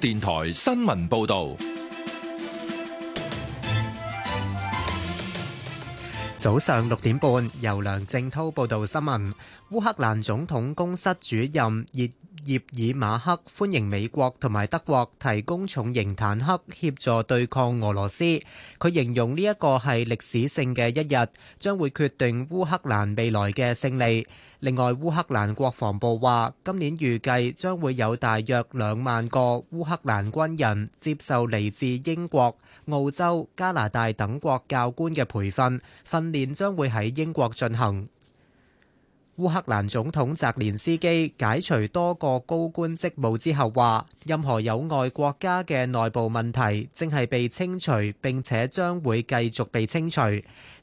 電台新聞報道，早上六點半，由梁正濤報道新聞。烏克蘭總統辦公室主任葉葉爾馬克歡迎美國同埋德國提供重型坦克協助對抗俄羅斯。佢形容呢一個係歷史性嘅一日，將會決定烏克蘭未來嘅勝利。另外，烏克蘭國防部話，今年預計將會有大約兩萬個烏克蘭軍人接受嚟自英國、澳洲、加拿大等國教官嘅培訓，訓練將會喺英國進行。烏克蘭總統澤連斯基解除多個高官職務之後，話任何有礙國家嘅內部問題正係被清除，並且將會繼續被清除。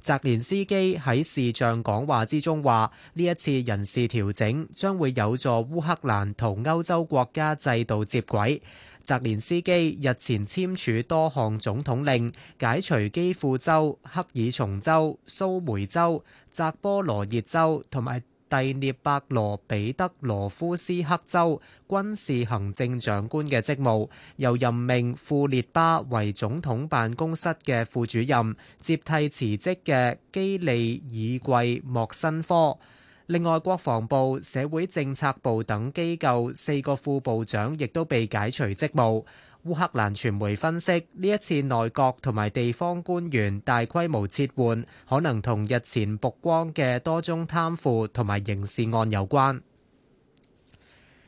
澤連斯基喺視像講話之中話，呢一次人事調整將會有助烏克蘭同歐洲國家制度接軌。澤連斯基日前簽署多項總統令，解除基輔州、克爾松州、蘇梅州、扎波羅熱州同埋。蒂涅伯羅彼得羅夫斯克州軍事行政長官嘅職務，又任命庫列巴為總統辦公室嘅副主任，接替辭職嘅基利爾季莫申科。另外，國防部、社會政策部等機構四個副部長亦都被解除職務。烏克蘭傳媒分析，呢一次內閣同埋地方官員大規模撤換，可能同日前曝光嘅多宗貪腐同埋刑事案有關。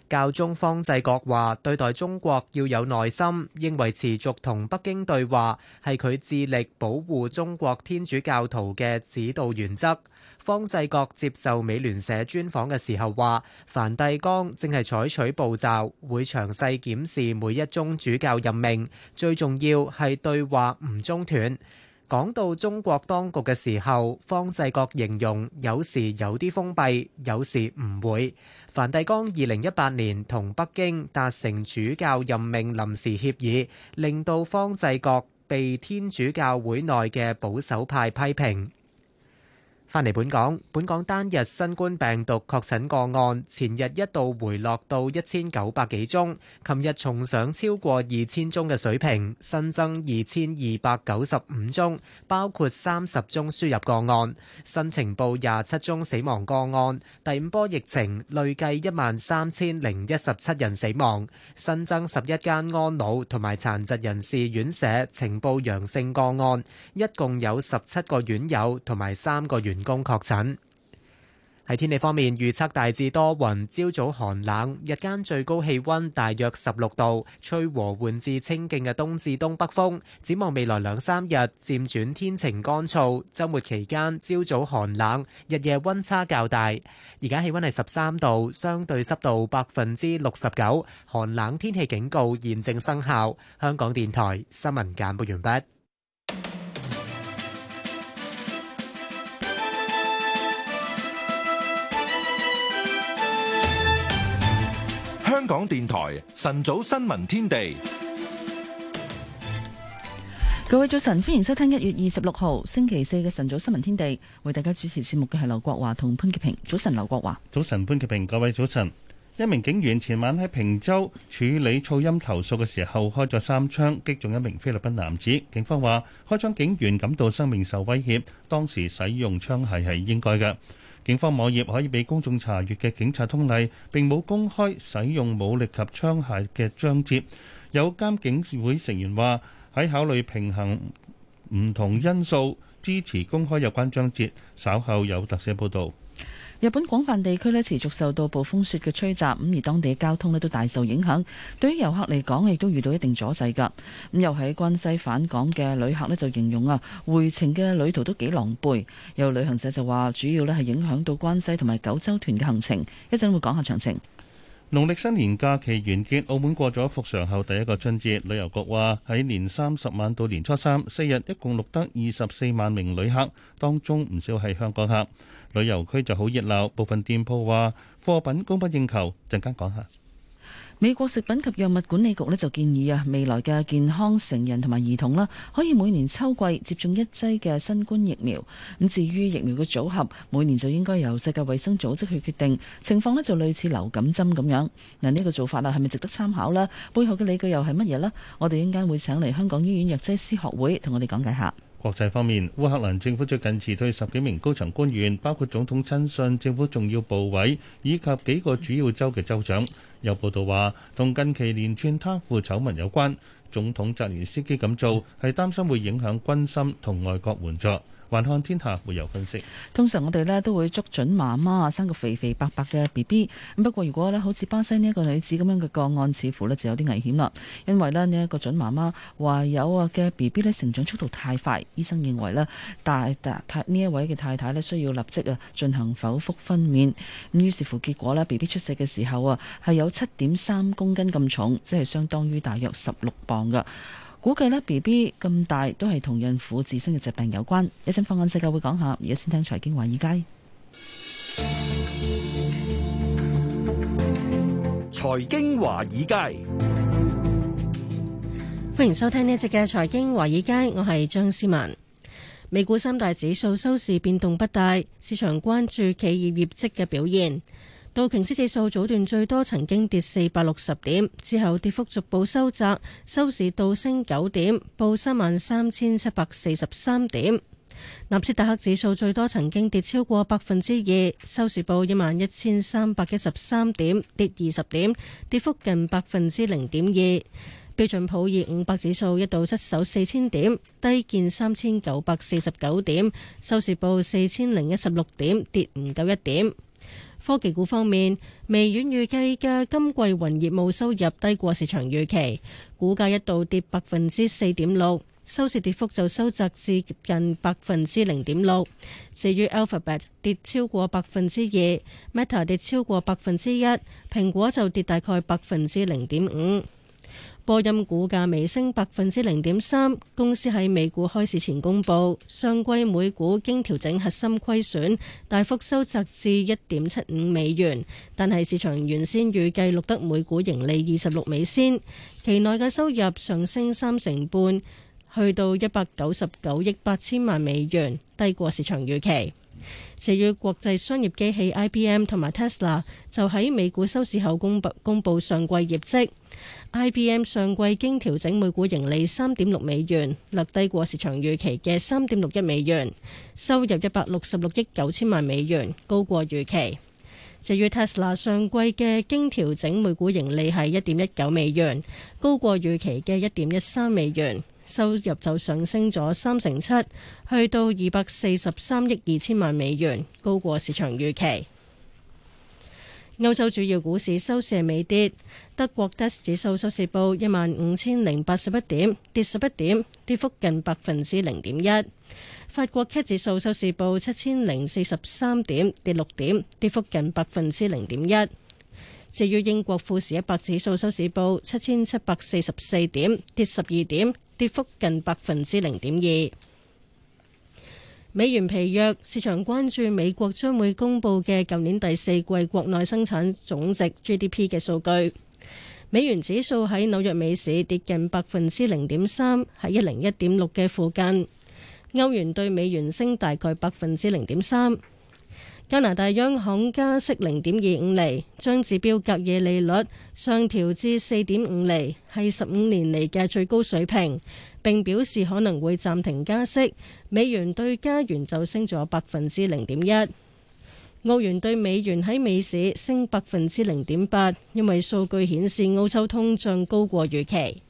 教宗方濟各話，對待中國要有耐心，認為持續同北京對話，係佢致力保護中國天主教徒嘅指導原則。方濟各接受美聯社專訪嘅時候話，梵蒂岡正係採取步驟會詳細檢視每一宗主教任命。最重要係對話唔中斷。講到中國當局嘅時候，方濟各形容有時有啲封閉，有時唔會。梵蒂岡二零一八年同北京達成主教任命臨時協議，令到方濟各被天主教會內嘅保守派批評。返嚟本港，本港單日新冠病毒確診個案，前日一度回落到一千九百幾宗，琴日重上超過二千宗嘅水平，新增二千二百九十五宗，包括三十宗輸入個案，新情報廿七宗死亡個案，第五波疫情累計一萬三千零一十七人死亡，新增十一間安老同埋殘疾人士院舍情報陽性個案，一共有十七個院友同埋三個員。公確診。喺天氣方面，預測大致多雲，朝早寒冷，日間最高氣温大約十六度，吹和緩至清勁嘅東至東北風。展望未來兩三日漸轉天晴乾燥，週末期間朝早寒冷，日夜温差較大。而家氣温係十三度，相對濕度百分之六十九，寒冷天氣警告現正生效。香港電台新聞簡報完畢。香港電台晨早新聞天地，各位早晨，歡迎收聽一月二十六號星期四嘅晨早新聞天地，為大家主持節目嘅係劉國華同潘潔平。早晨，劉國華，早晨，潘潔平，各位早晨。一名警員前晚喺坪洲處理噪音投訴嘅時候開咗三槍，擊中一名菲律賓男子。警方話開槍警員感到生命受威脅，當時使用槍械係應該嘅。警方網頁可以俾公眾查閲嘅警察通例並冇公開使用武力及槍械嘅章節。有監警會成員話喺考慮平衡唔同因素，支持公開有關章節。稍後有特寫報道。日本廣泛地區咧持續受到暴風雪嘅吹襲，咁而當地嘅交通咧都大受影響。對於遊客嚟講，亦都遇到一定阻滯㗎。咁又喺關西返港嘅旅客咧就形容啊，回程嘅旅途都幾狼狽。有旅行社就話，主要咧係影響到關西同埋九州團嘅行程。講一陣會講下詳情。農曆新年假期完結，澳門過咗復常後第一個春節，旅遊局話喺年三十晚到年初三四日，一共錄得二十四萬名旅客，當中唔少係香港客。旅遊區就好熱鬧，部分店鋪話貨品供不應求。陣間講下，美國食品及藥物管理局咧就建議啊，未來嘅健康成人同埋兒童啦，可以每年秋季接種一劑嘅新冠疫苗。咁至於疫苗嘅組合，每年就應該由世界衛生組織去決定，情況咧，就類似流感針咁樣。嗱，呢個做法啊，係咪值得參考啦？背後嘅理據又係乜嘢呢？我哋陣間會請嚟香港醫院藥劑師學會同我哋講解下。國際方面，烏克蘭政府最近辭退十幾名高層官員，包括總統親信、政府重要部位以及幾個主要州嘅州長。有報道話，同近期連串貪腐醜聞有關，總統澤連斯基咁做係擔心會影響軍心同外國援助。還看天下會有分析。通常我哋咧都會捉準媽媽生個肥肥白白嘅 B B。咁不過如果咧好似巴西呢一個女子咁樣嘅個案，似乎咧就有啲危險啦。因為咧呢一個準媽媽懷有啊嘅 B B 咧成長速度太快，醫生認為咧大大太呢一位嘅太太咧需要立即啊進行剖腹分娩。咁於是乎結果呢 B B 出世嘅時候啊係有七點三公斤咁重，即係相當於大約十六磅噶。估計呢 BB 咁大都係同孕婦自身嘅疾病有關。一陣放眼世界會講下，而家先聽財經華爾街。財經華爾街，歡迎收聽呢一節嘅財經華爾街。爾街我係張思文。美股三大指數收市變動不大，市場關注企業業績嘅表現。道瓊斯指數早段最多曾經跌四百六十點，之後跌幅逐步收窄，收市倒升九點，報三萬三千七百四十三點。納斯達克指數最多曾經跌超過百分之二，收市報一萬一千三百一十三點，跌二十點，跌幅近百分之零點二。標準普爾五百指數一度失守四千點，低見三千九百四十九點，收市報四千零一十六點，跌唔夠一點。科技股方面，微軟預計嘅今季雲業務收入低過市場預期，股價一度跌百分之四點六，收市跌幅就收窄至近百分之零點六。至於 Alphabet 跌超過百分之二，Meta 跌超過百分之一，蘋果就跌大概百分之零點五。波音股價微升百分之零點三，公司喺美股開市前公佈，上季每股經調整核心虧損大幅收窄至一點七五美元，但係市場原先預計錄得每股盈利二十六美仙，期內嘅收入上升三成半，去到一百九十九億八千萬美元，低過市場預期。至於國際商業機器 IBM 同埋 Tesla 就喺美股收市後公布公佈上季業績。IBM 上季經調整每股盈利三點六美元，略低過市場預期嘅三點六一美元，收入一百六十六億九千萬美元，高過預期。至於 Tesla 上季嘅經調整每股盈利係一點一九美元，高過預期嘅一點一三美元。收入就上升咗三成七，去到二百四十三億二千萬美元，高過市場預期。歐洲主要股市收市微跌，德國 DAX 指數收市報一萬五千零八十一點，跌十一點，跌幅近百分之零點一。法國 CAC 指數收市報七千零四十三點，跌六點，跌幅近百分之零點一。至於英國富時一百指數收市報七千七百四十四點，跌十二點。跌幅近百分之零點二。美元疲弱，市場關注美國將會公布嘅舊年第四季國內生產總值 GDP 嘅數據，美元指數喺紐約美市跌近百分之零點三，喺一零一點六嘅附近。歐元兌美元升大概百分之零點三。加拿大央行加息零點二五厘，將指標隔夜利率上調至四點五厘，係十五年嚟嘅最高水平，並表示可能會暫停加息。美元兌加元就升咗百分之零點一，澳元兌美元喺美市升百分之零點八，因為數據顯示澳洲通脹高過預期。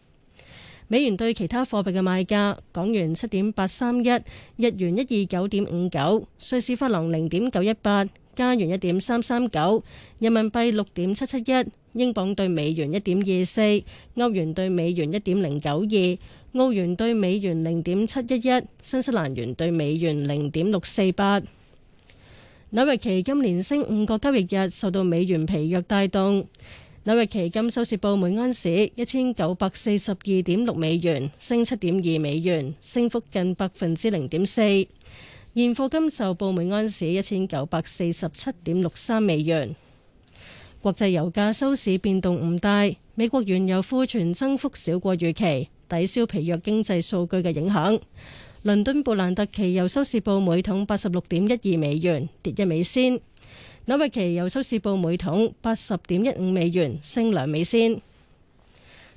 美元對其他貨幣嘅賣價：港元七點八三一，日元一二九點五九，瑞士法郎零點九一八，加元一點三三九，人民幣六點七七一，英鎊對美元一點二四，歐元對美元一點零九二，澳元對美元零點七一一，新西蘭元對美元零點六四八。紐約期金連升五個交易日，受到美元疲弱帶動。紐約期金收市報每盎司一千九百四十二點六美元，升七點二美元，升幅近百分之零點四。現貨金收報每盎司一千九百四十七點六三美元。國際油價收市變動唔大，美國原油庫存增幅少過預期，抵消疲弱經濟數據嘅影響。倫敦布蘭特期油收市報每桶八十六點一二美元，跌一美仙。紐約期油收市報每桶八十點一五美元，升兩美仙。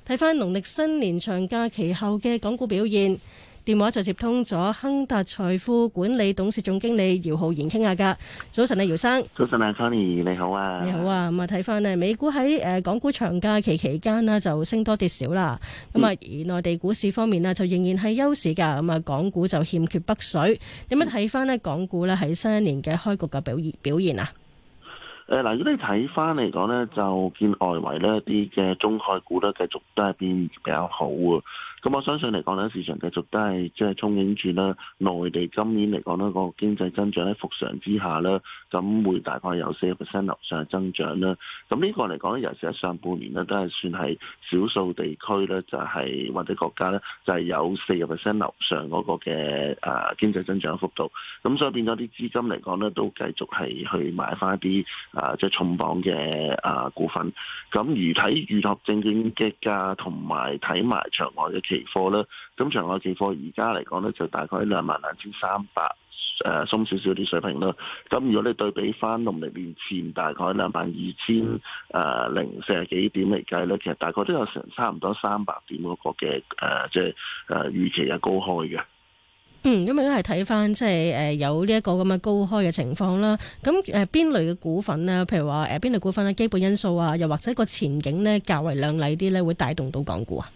睇翻農曆新年長假期後嘅港股表現，電話就接通咗亨達財富管理董事總經理姚浩然傾下。噶早晨啊，姚生。早晨啊 Conny 你好啊。你好啊。咁啊，睇翻咧，美股喺誒港股長假期期間呢就升多跌少啦。咁啊、嗯，而內地股市方面咧就仍然係優勢㗎。咁啊，港股就欠缺北水。有乜睇翻呢？港股呢，喺新一年嘅開局嘅表，表現啊？誒，嗱、呃，如果你睇翻嚟講咧，就見外圍咧啲嘅中概股咧，繼續都係變比較好喎。咁我相信嚟講咧，市場繼續都係即係憧憬住啦。內地今年嚟講呢、個經濟增長喺復常之下呢，咁會大概有四個 percent 樓上嘅增長啦。咁呢個嚟講呢，尤其是上半年呢，都係算係少數地區呢，就係、是、或者國家呢，就係、是、有四個 percent 樓上嗰個嘅誒經濟增長幅度。咁所以變咗啲資金嚟講呢，都繼續係去買翻一啲誒、啊、即係重磅嘅誒股份。咁如睇預託證券嘅價，同埋睇埋場外嘅，期貨咧，咁場外期貨而家嚟講咧，就大概喺兩萬兩千三百誒鬆少少啲水平啦。咁如果你對比翻農曆年前大概兩萬二千誒零四十幾點嚟計咧，其實大概都有成差唔多三百點嗰個嘅誒即係誒預期嘅高開嘅。嗯，咁、嗯、如果係睇翻即係誒有呢一個咁嘅高開嘅情況啦。咁誒邊類嘅股份咧，譬如話誒邊類股份嘅基本因素啊，又或者個前景咧較為靚麗啲咧，會帶動到港股啊？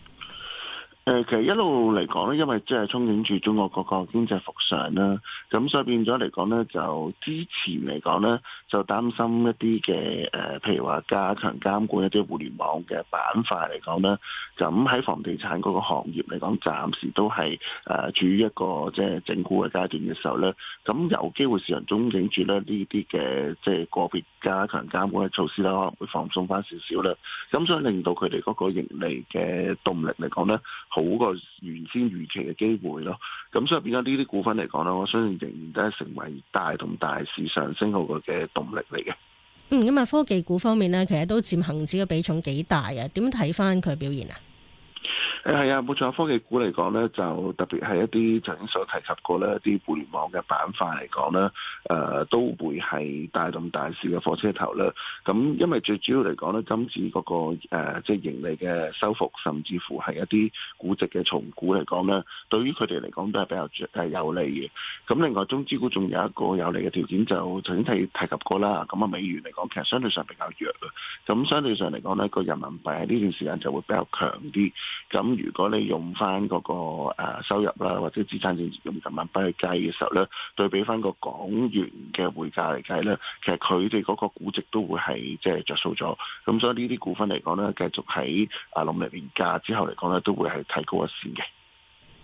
誒，其實一路嚟講咧，因為即係憧憬住中國嗰個經濟復常啦，咁所以變咗嚟講咧，就之前嚟講咧，就擔心一啲嘅誒，譬如話加強監管一啲互聯網嘅板塊嚟講咧，咁喺房地產嗰個行業嚟講，暫時都係誒處於一個即係整固嘅階段嘅時候咧，咁有機會市場憧憬住咧呢啲嘅即係個別加強監管嘅措施咧，可能會放鬆翻少少啦，咁所以令到佢哋嗰個盈利嘅動力嚟講咧。好過原先預期嘅機會咯，咁所以變咗呢啲股份嚟講咧，我相信仍然都係成為大同大市上升好過嘅動力嚟嘅、嗯。嗯，咁啊科技股方面咧，其實都佔恆指嘅比重幾大啊？點睇翻佢表現啊？誒係啊，冇錯，科技股嚟講咧，就特別係一啲曾總所提及過咧，一啲互聯網嘅板塊嚟講咧，誒、呃、都會係帶動大市嘅火車頭啦。咁因為最主要嚟講咧，今次嗰、那個即係、呃就是、盈利嘅收復，甚至乎係一啲估值嘅重估嚟講咧，對於佢哋嚟講都係比較係有利嘅。咁另外，中資股仲有一個有利嘅條件，就曾總提提及過啦。咁啊，美元嚟講，其實相對上比較弱啊。咁相對上嚟講咧，個人民幣喺呢段時間就會比較強啲。咁如果你用翻嗰個收入啦，或者資產淨值用人民幣去計嘅時候咧，對比翻個港元嘅匯價嚟計咧，其實佢哋嗰個估值都會係即係著數咗。咁所以呢啲股份嚟講咧，繼續喺啊農曆年假之後嚟講咧，都會係提高一線嘅。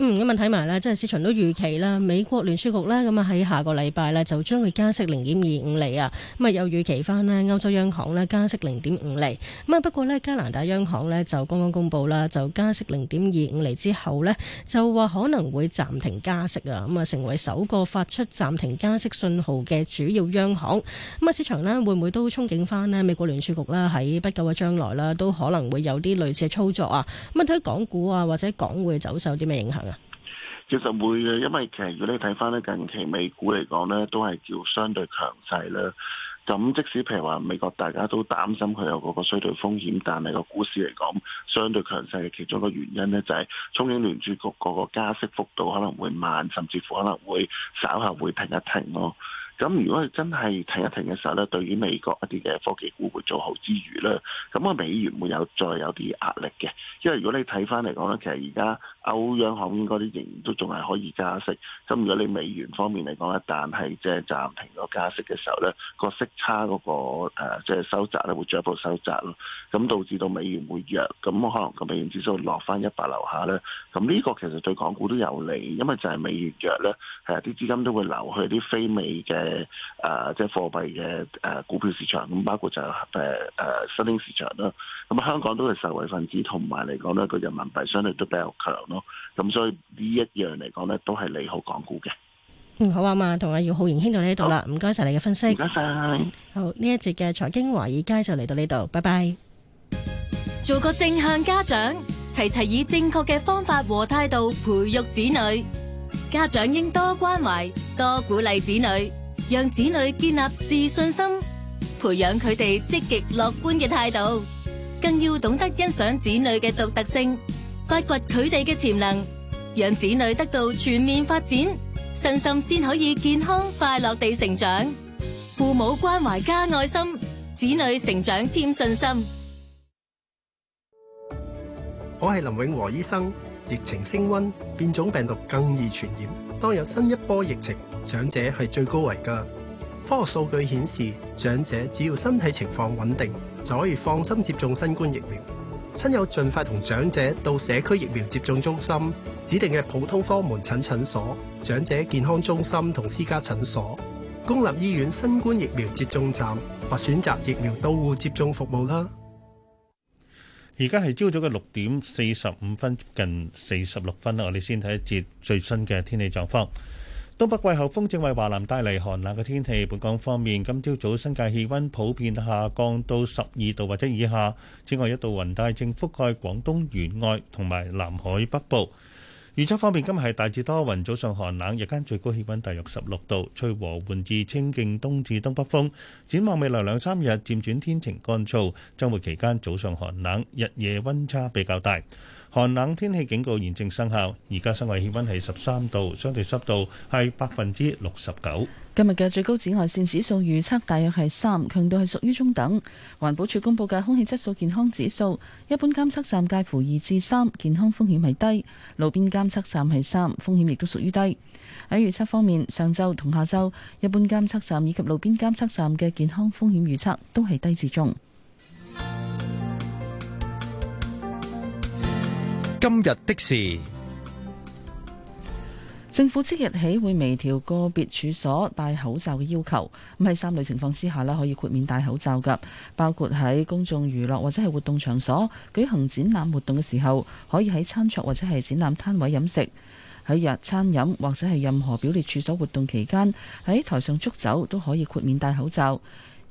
嗯，咁啊睇埋咧，即係市場都預期啦，美國聯儲局呢，咁啊喺下個禮拜呢，就將會加息零點二五厘啊，咁啊又預期翻呢，歐洲央行呢，加息零點五厘。咁啊不過呢，加拿大央行呢，就剛剛公布啦，就加息零點二五厘之後呢，就話可能會暫停加息啊，咁啊成為首個發出暫停加息信號嘅主要央行。咁啊市場呢，會唔會都憧憬翻呢？美國聯儲局呢，喺不久嘅將來啦都可能會有啲類似嘅操作啊？咁啊睇港股啊或者港匯走勢啲咩影響？其實會嘅，因為其實如果你睇翻咧近期美股嚟講咧，都係叫相對強勢啦。咁即使譬如話美國大家都擔心佢有嗰個衰退風險，但係個股市嚟講相對強勢嘅其中一個原因咧，就係中央聯儲局嗰個加息幅度可能會慢，甚至乎可能會稍後會停一停咯。咁如果係真係停一停嘅時候咧，對於美國一啲嘅科技股會做好之餘咧，咁個美元會有再有啲壓力嘅，因為如果你睇翻嚟講咧，其實而家歐央行應該都仍然都仲係可以加息。咁如果你美元方面嚟講咧，但係即係暫停咗加息嘅時候咧，個息差嗰個誒即係收窄咧，會進一步收窄咯。咁導致到美元會弱，咁可能個美元指數落翻一百樓下咧。咁呢個其實對港股都有利，因為就係美元弱咧，誒啲資金都會流去啲非美嘅。誒，誒、呃，即係貨幣嘅誒股票市場咁，包括就誒誒、呃呃、新興市場啦。咁啊，香港都係受惠分子，同埋嚟講呢個人民幣相對都比較強咯。咁、啊、所以呢一樣嚟講咧，都係利好港股嘅。嗯，好啊嘛，同阿姚浩然傾到呢度啦。唔該晒你嘅分析。唔該晒。好，呢一節嘅財經華爾街就嚟到呢度，拜拜。做個正向家長，齊齊以正確嘅方法和態度培育子女。家長應多關懷、多鼓勵子女。讓子女建立自信心，培養佢哋積極樂觀嘅態度，更要懂得欣賞子女嘅獨特性，發掘佢哋嘅潛能，讓子女得到全面發展，身心先可以健康快樂地成長，父母關懷加愛心，子女成長添信心。長者係最高危嘅。科學數據顯示，長者只要身體情況穩定，就可以放心接種新冠疫苗。親友盡快同長者到社區疫苗接種中心、指定嘅普通科門診診所、長者健康中心同私家診所、公立醫院新冠疫苗接種站或選擇疫苗到戶接種服務啦。而家係朝早嘅六點四十五分，近四十六分啦。我哋先睇一節最新嘅天氣狀況。東北季候風正為華南帶嚟寒冷嘅天氣。本港方面，今朝早新界氣溫普遍下降到十二度或者以下。此外，一道雲帶正覆蓋廣東沿岸同埋南海北部。預測方面，今日係大致多雲，早上寒冷，日間最高氣溫大約十六度，吹和緩至清勁東至東北風。展望未來兩三日，漸轉天晴乾燥。週末期間早上寒冷，日夜溫差比較大。寒冷天氣警告現正生效，而家室外氣温係十三度，相對濕度係百分之六十九。今日嘅最高紫外線指數預測大約係三，強度係屬於中等。環保署公布嘅空氣質素健康指數，一般監測站介乎二至三，健康風險係低；路邊監測站係三，風險亦都屬於低。喺預測方面，上週同下週，一般監測站以及路邊監測站嘅健康風險預測都係低至中。今日的事，政府即日起會微調個別處所戴口罩嘅要求，咁喺三類情況之下呢可以豁免戴口罩噶，包括喺公眾娛樂或者係活動場所舉行展覽活動嘅時候，可以喺餐桌或者係展覽攤位飲食，喺日餐飲或者係任何表列處所活動期間，喺台上捉走都可以豁免戴口罩。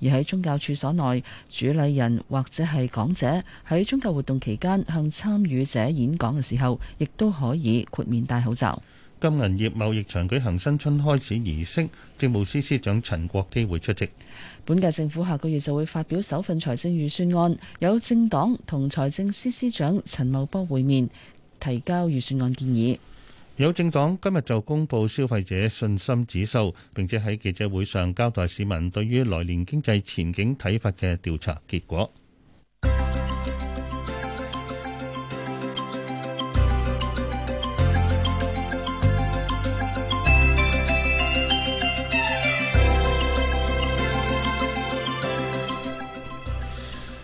而喺宗教處所內，主禮人或者係講者喺宗教活動期間向參與者演講嘅時候，亦都可以豁免戴口罩。金銀業貿易場舉行新春開始儀式，政務司司長陳國基會出席。本屆政府下個月就會發表首份財政預算案，有政黨同財政司司長陳茂波會面，提交預算案建議。有政黨今日就公布消費者信心指數，並且喺記者會上交代市民對於來年經濟前景睇法嘅調查結果。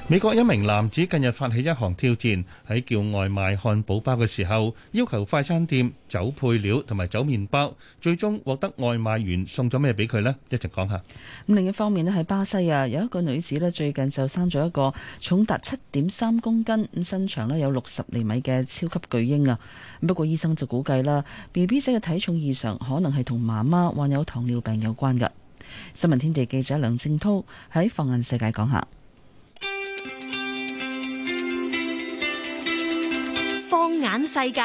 美國一名男子近日發起一項挑戰，喺叫外賣漢堡包嘅時候，要求快餐店走配料同埋走麵包，最終獲得外賣員送咗咩俾佢呢？一齊講下。咁另一方面咧，喺巴西啊，有一個女子呢，最近就生咗一個重達七點三公斤、咁身長呢有六十厘米嘅超級巨嬰啊！不過醫生就估計啦，B B 仔嘅體重異常可能係同媽媽患有糖尿病有關㗎。新聞天地記者梁正濤喺放眼世界講下。眼世界，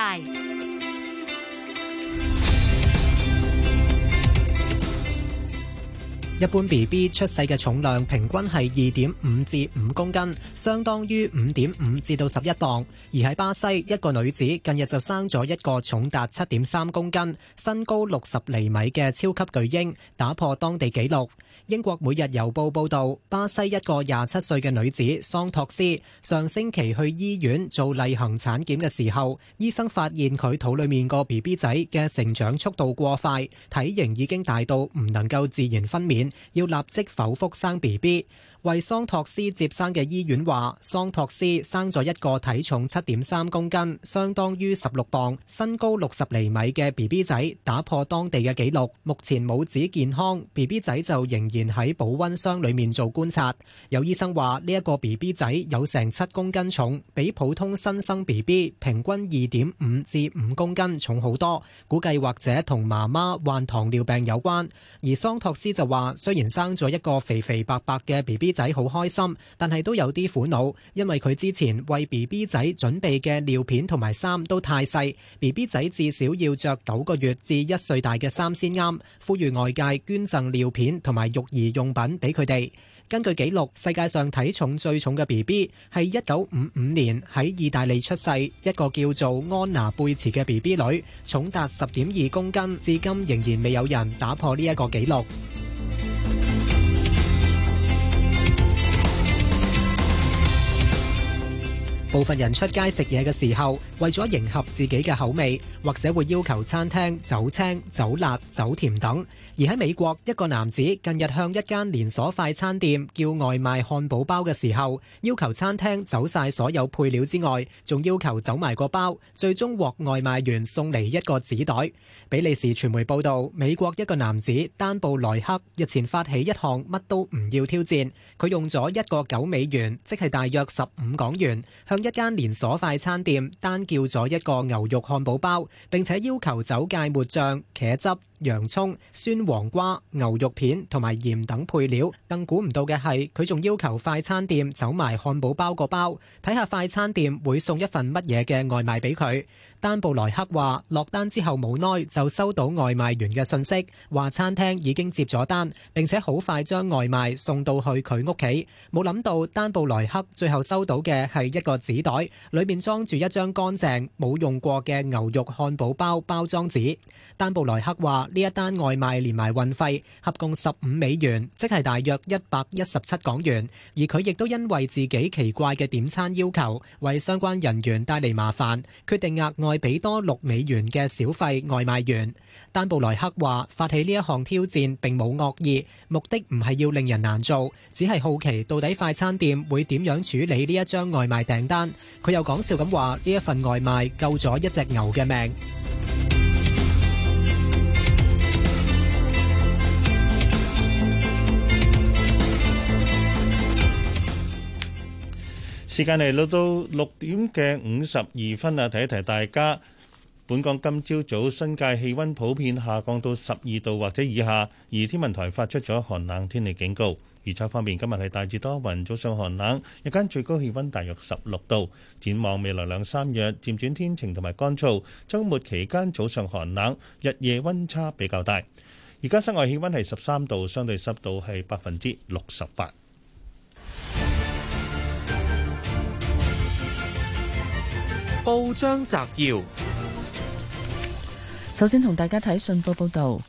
一般 B B 出世嘅重量平均係二點五至五公斤，相當於五點五至到十一磅。而喺巴西，一個女子近日就生咗一個重達七點三公斤、身高六十厘米嘅超級巨嬰，打破當地紀錄。英國每日郵報報道，巴西一個廿七歲嘅女子桑托斯上星期去醫院做例行產檢嘅時候，醫生發現佢肚裏面個 BB 仔嘅成長速度過快，體型已經大到唔能夠自然分娩，要立即剖腹生 BB。為桑托斯接生嘅醫院話，桑托斯生咗一個體重七點三公斤，相當於十六磅，身高六十厘米嘅 B B 仔，打破當地嘅紀錄。目前母子健康，B B 仔就仍然喺保温箱裏面做觀察。有醫生話呢一個 B B 仔有成七公斤重，比普通新生 B B 平均二點五至五公斤重好多，估計或者同媽媽患糖尿病有關。而桑托斯就話，雖然生咗一個肥肥白白嘅 B B，仔好開心，但係都有啲苦惱，因為佢之前為 B B 仔準備嘅尿片同埋衫都太細，B B 仔至少要着九個月至一歲大嘅衫先啱。呼籲外界捐贈尿片同埋育兒用品俾佢哋。根據紀錄，世界上體重最重嘅 B B 係一九五五年喺意大利出世，一個叫做安娜貝茨嘅 B B 女，重達十點二公斤，至今仍然未有人打破呢一個紀錄。部分人出街食嘢嘅時候，為咗迎合自己嘅口味，或者會要求餐廳走青走辣走甜等。而喺美國一個男子近日向一間連鎖快餐店叫外賣漢堡包嘅時候，要求餐廳走曬所有配料之外，仲要求走埋個包，最終獲外賣員送嚟一個紙袋。比利時傳媒報道，美國一個男子丹布萊克日前發起一項乜都唔要挑戰，佢用咗一個一間連鎖快餐店單叫咗一個牛肉漢堡包，並且要求走芥末醬、茄汁、洋蔥、酸黃瓜、牛肉片同埋鹽等配料。更估唔到嘅係，佢仲要求快餐店走埋漢堡包個包，睇下快餐店會送一份乜嘢嘅外賣俾佢。丹布萊克話：落單之後冇耐就收到外賣員嘅信息，話餐廳已經接咗單，並且好快將外賣送到去佢屋企。冇諗到丹布萊克最後收到嘅係一個紙袋，裡面裝住一張乾淨冇用過嘅牛肉漢堡包包裝紙。丹布萊克話：呢一單外賣連埋運費合共十五美元，即係大約一百一十七港元。而佢亦都因為自己奇怪嘅點餐要求，為相關人員帶嚟麻煩，決定額外，再俾多六美元嘅小費外賣員，丹布萊克話發起呢一項挑戰並冇惡意，目的唔係要令人難做，只係好奇到底快餐店會點樣處理呢一張外賣訂單。佢又講笑咁話呢一份外賣救咗一隻牛嘅命。時間嚟到到六點嘅五十二分啊！提一提大家，本港今朝早新界氣溫普遍下降到十二度或者以下，而天文台發出咗寒冷天氣警告。預測方面，今日係大致多雲，早上寒冷，日間最高氣溫大約十六度。展望未來兩三日，漸轉天晴同埋乾燥。周末期間早上寒冷，日夜温差比較大。而家室外氣溫係十三度，相對濕度係百分之六十八。報章摘要：首先同大家睇信報報道，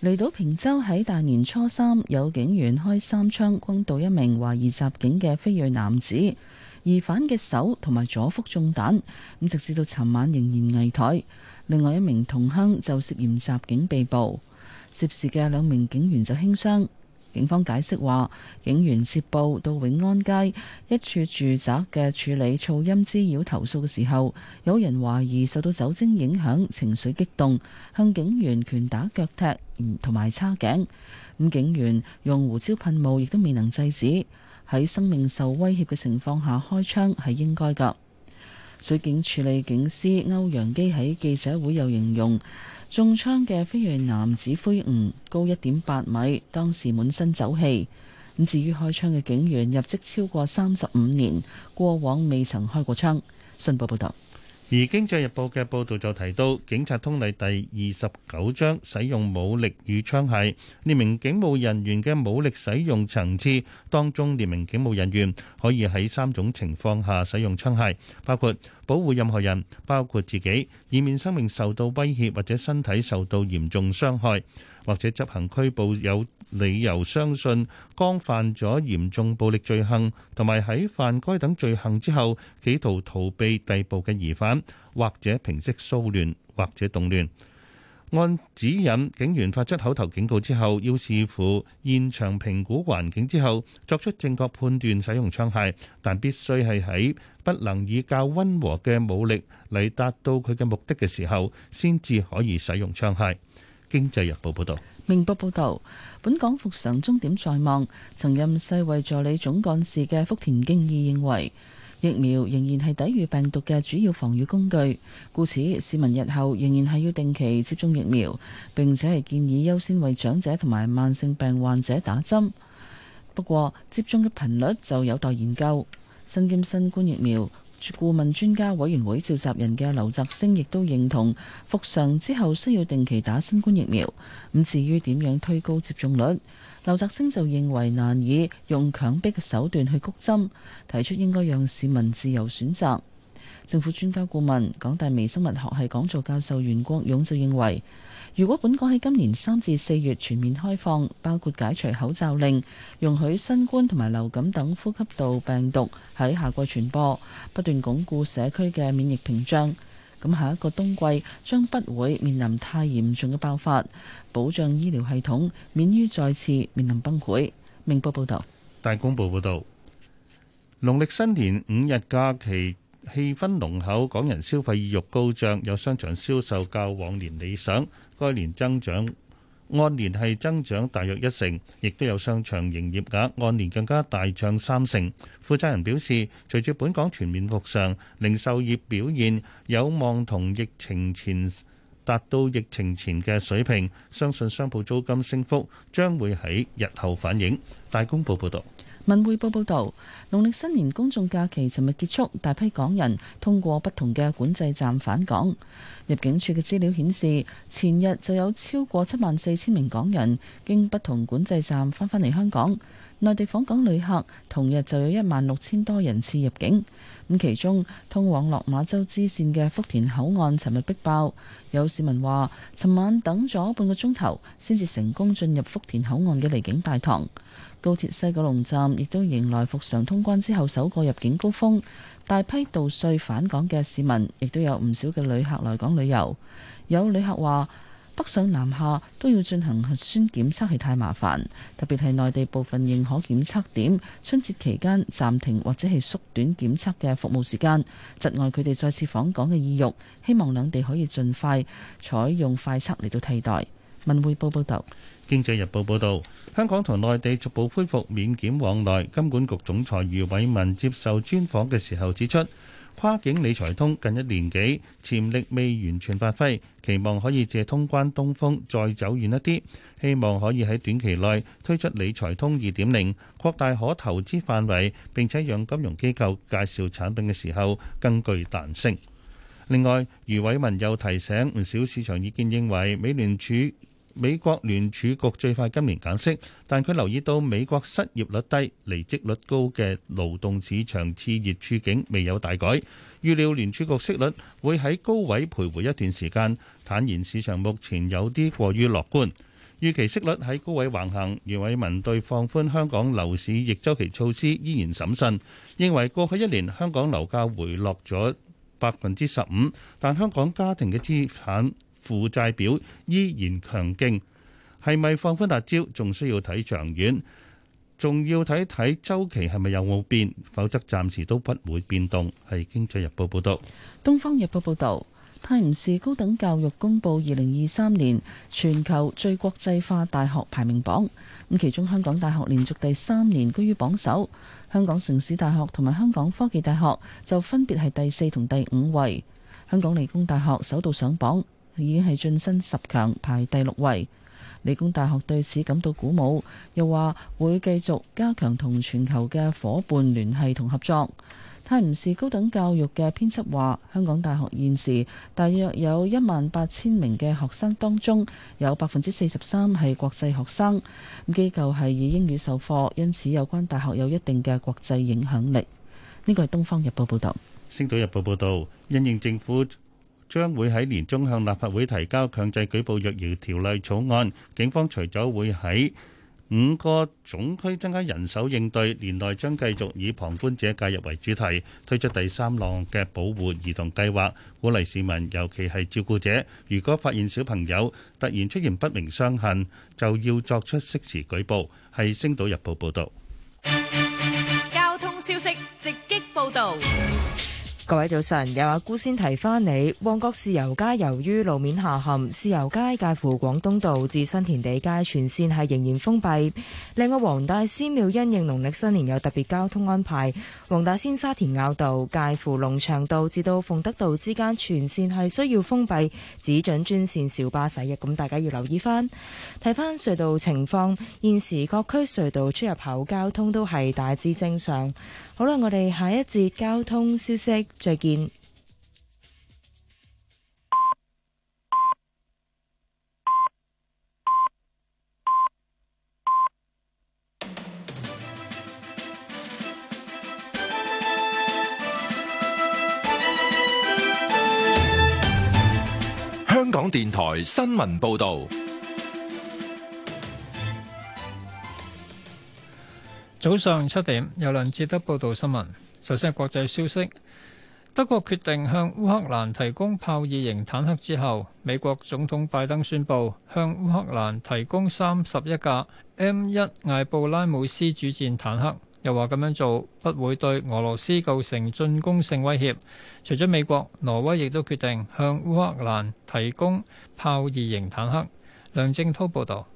嚟到坪洲喺大年初三有警員開三槍，擊倒一名懷疑襲警嘅非裔男子，疑犯嘅手同埋左腹中彈，咁直至到尋晚仍然危殆。另外一名同鄉就涉嫌襲警被捕，涉事嘅兩名警員就輕傷。警方解釋話，警員接報到永安街一處住宅嘅處理噪音滋擾投訴嘅時候，有人懷疑受到酒精影響，情緒激動，向警員拳打腳踢，同埋叉頸。咁警員用胡椒噴霧亦都未能制止，喺生命受威脅嘅情況下開槍係應該㗎。水警處理警司歐陽基喺記者會又形容。中槍嘅非裔男子魁梧，高一點八米，當時滿身酒氣。咁至於開槍嘅警員，入職超過三十五年，過往未曾開過槍。信報報道。而經濟日報嘅報導就提到，警察通例第二十九章使用武力與槍械，列明警務人員嘅武力使用層次，當中列明警務人員可以喺三種情況下使用槍械，包括保護任何人，包括自己，以免生命受到威脅或者身體受到嚴重傷害，或者執行拘捕有理由相信，剛犯咗嚴重暴力罪行，同埋喺犯該等罪行之後，企圖逃避逮捕嘅疑犯，或者平息騷亂，或者動亂。按指引，警員發出口頭警告之後，要視乎現場評估環境之後，作出正確判斷，使用槍械，但必須係喺不能以較温和嘅武力嚟達到佢嘅目的嘅時候，先至可以使用槍械。經濟日報報道，明報報道。本港復常終點在望，曾任世衛助理總幹事嘅福田敬二認為，疫苗仍然係抵禦病毒嘅主要防禦工具，故此市民日後仍然係要定期接種疫苗，並且係建議優先為長者同埋慢性病患者打針。不過，接種嘅頻率就有待研究。新兼新冠疫苗顧問專家委員會召集人嘅劉澤星亦都認同復常之後需要定期打新冠疫苗。咁至於點樣推高接種率，劉澤星就認為難以用強迫嘅手段去谷針，提出應該讓市民自由選擇。政府專家顧問、港大微生物學系講座教授袁國勇就認為。如果本港喺今年三至四月全面開放，包括解除口罩令，容許新冠同埋流感等呼吸道病毒喺夏季傳播，不斷鞏固社區嘅免疫屏障，咁下一個冬季將不會面臨太嚴重嘅爆發，保障醫療系統免於再次面臨崩潰，明報報道。大公報報道農曆新年五日假期。氣氛濃厚，港人消費意欲高漲，有商場銷售較往年理想，該年增長按年係增長大約一成，亦都有商場營業額按年更加大漲三成。負責人表示，隨住本港全面復常，零售業表現有望同疫情前達到疫情前嘅水平，相信商鋪租金升幅將會喺日後反映。大公報報道。文匯報報道，農曆新年公眾假期尋日結束，大批港人通過不同嘅管制站返港。入境處嘅資料顯示，前日就有超過七萬四千名港人經不同管制站返返嚟香港。內地訪港旅客同日就有一萬六千多人次入境，咁其中通往落馬洲支線嘅福田口岸尋日逼爆，有市民話，尋晚等咗半個鐘頭先至成功進入福田口岸嘅離境大堂。高鐵西九龍站亦都迎來復常通關之後首個入境高峰，大批渡穗返港嘅市民，亦都有唔少嘅旅客來港旅遊。有旅客話：北上南下都要進行核酸檢測係太麻煩，特別係內地部分認可檢測點春節期間暫停或者係縮短檢測嘅服務時間，窒礙佢哋再次訪港嘅意欲。希望兩地可以盡快採用快測嚟到替代。文匯報報道。《經濟日報》報導，香港同內地逐步恢復免檢往來。金管局總裁余偉文接受專訪嘅時候指出，跨境理財通近一年幾潛力未完全發揮，期望可以借通關東風再走遠一啲。希望可以喺短期內推出理財通二點零，擴大可投資範圍，並且讓金融機構介紹產品嘅時候更具彈性。另外，余偉文又提醒，唔少市場意見認為美聯儲。美國聯儲局最快今年減息，但佢留意到美國失業率低、離職率高嘅勞動市場熾熱處境未有大改，預料聯儲局息率會喺高位徘徊一段時間。坦言市場目前有啲過於樂觀，預期息率喺高位橫行。余偉文對放寬香港樓市逆周期措施依然審慎，認為過去一年香港樓價回落咗百分之十五，但香港家庭嘅資產負債表依然強勁，係咪放寬辣招？仲需要睇長遠，仲要睇睇周期係咪有冇變，否則暫時都不會變動。係《經濟日報》報道，《東方日報》報道，泰晤士高等教育公布二零二三年全球最國際化大學排名榜，咁其中香港大學連續第三年居於榜首，香港城市大學同埋香港科技大學就分別係第四同第五位，香港理工大學首度上榜。已經係晉身十強，排第六位。理工大學對此感到鼓舞，又話會繼續加強同全球嘅伙伴聯繫同合作。泰晤士高等教育嘅編輯話：香港大學現時大約有一萬八千名嘅學，學生，當中有百分之四十三係國際學生。咁機構係以英語授課，因此有關大學有一定嘅國際影響力。呢個係《東方日報》報導，《星島日報》報導，因應政府。將會喺年中向立法會提交強制舉報虐兒條例草案，警方除咗會喺五個總區增加人手應對，年內將繼續以旁觀者介入為主題，推出第三浪嘅保護兒童計劃，鼓勵市民，尤其係照顧者，如果發現小朋友突然出現不明傷痕，就要作出適時舉報。係《星島日報》報道。交通消息直擊報道。各位早晨，有阿姑先提翻你，旺角豉油街由於路面下陷，豉油街介乎廣東道至新田地街全綫係仍然封閉，另外，黃大仙廟因應農曆新年有特別交通安排，黃大仙沙田坳道介乎龍翔道至到鳳德道之間全綫係需要封閉，只准專線小巴駛入。咁大家要留意翻，睇翻隧道情況，現時各區隧道出入口交通都係大致正常好啦，我哋下一節交通消息，再見。香港電台新聞報道。早上七點，由梁志德報道新聞。首先係國際消息，德國決定向烏克蘭提供豹二型坦克之後，美國總統拜登宣佈向烏克蘭提供三十一架 M 一艾布拉姆斯主戰坦克，又話咁樣做不會對俄羅斯構成進攻性威脅。除咗美國，挪威亦都決定向烏克蘭提供豹二型坦克。梁正滔報道。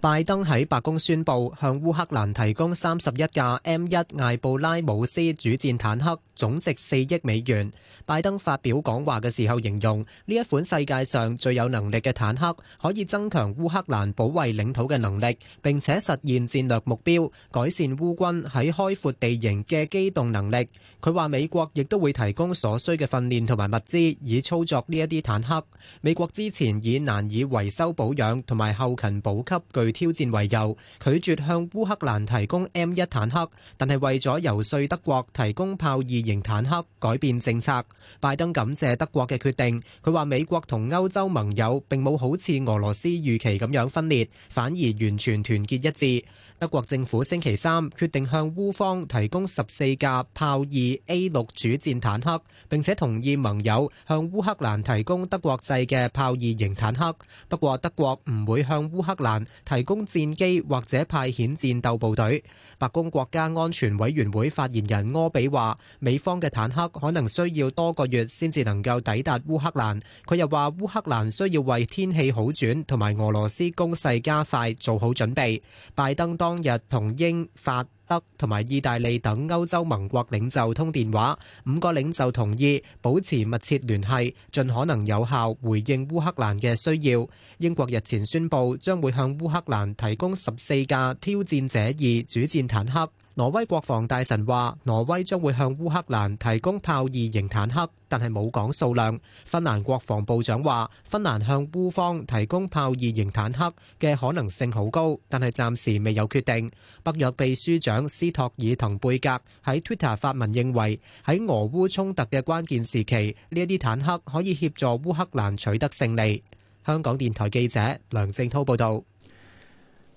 拜登喺白宮宣布向烏克蘭提供三十一架 M 一艾布拉姆斯主戰坦克，總值四億美元。拜登發表講話嘅時候形容呢一款世界上最有能力嘅坦克，可以增強烏克蘭保衛領土嘅能力，並且實現戰略目標，改善烏軍喺開闊地形嘅機動能力。佢話美國亦都會提供所需嘅訓練同埋物資，以操作呢一啲坦克。美國之前已難以維修保養同埋後勤補給佢。挑戰為由，拒絕向烏克蘭提供 M1 坦克，但係為咗游說德國提供豹二型坦克，改變政策。拜登感謝德國嘅決定，佢話美國同歐洲盟友並冇好似俄羅斯預期咁樣分裂，反而完全團結一致。德國政府星期三決定向烏方提供十四架豹二 A 六主戰坦克，並且同意盟友向烏克蘭提供德國製嘅豹二型坦克。不過，德國唔會向烏克蘭提供戰機或者派遣戰鬥部隊。白宮國家安全委員會發言人柯比話，美方嘅坦克可能需要多個月先至能夠抵達烏克蘭。佢又話，烏克蘭需要為天氣好轉同埋俄羅斯攻勢加快做好準備。拜登當日同英、法、德同埋意大利等歐洲盟國領袖通電話，五個領袖同意保持密切聯繫，盡可能有效回應烏克蘭嘅需要。英國日前宣布將會向烏克蘭提供十四架挑戰者二主戰坦克。挪威國防大臣話：挪威將會向烏克蘭提供豹二型坦克，但係冇講數量。芬蘭國防部長話：芬蘭向烏方提供豹二型坦克嘅可能性好高，但係暫時未有決定。北約秘書長斯托爾滕貝格喺 Twitter 發文認為，喺俄烏衝突嘅關鍵時期，呢一啲坦克可以協助烏克蘭取得勝利。香港電台記者梁正滔報道。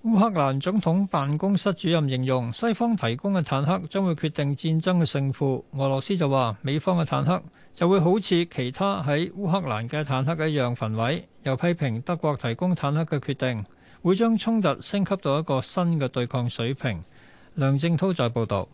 烏克蘭總統辦公室主任形容，西方提供嘅坦克將會決定戰爭嘅勝負。俄羅斯就話，美方嘅坦克就會好似其他喺烏克蘭嘅坦克一樣焚毀，又批評德國提供坦克嘅決定，會將衝突升級到一個新嘅對抗水平。梁正濤在報道。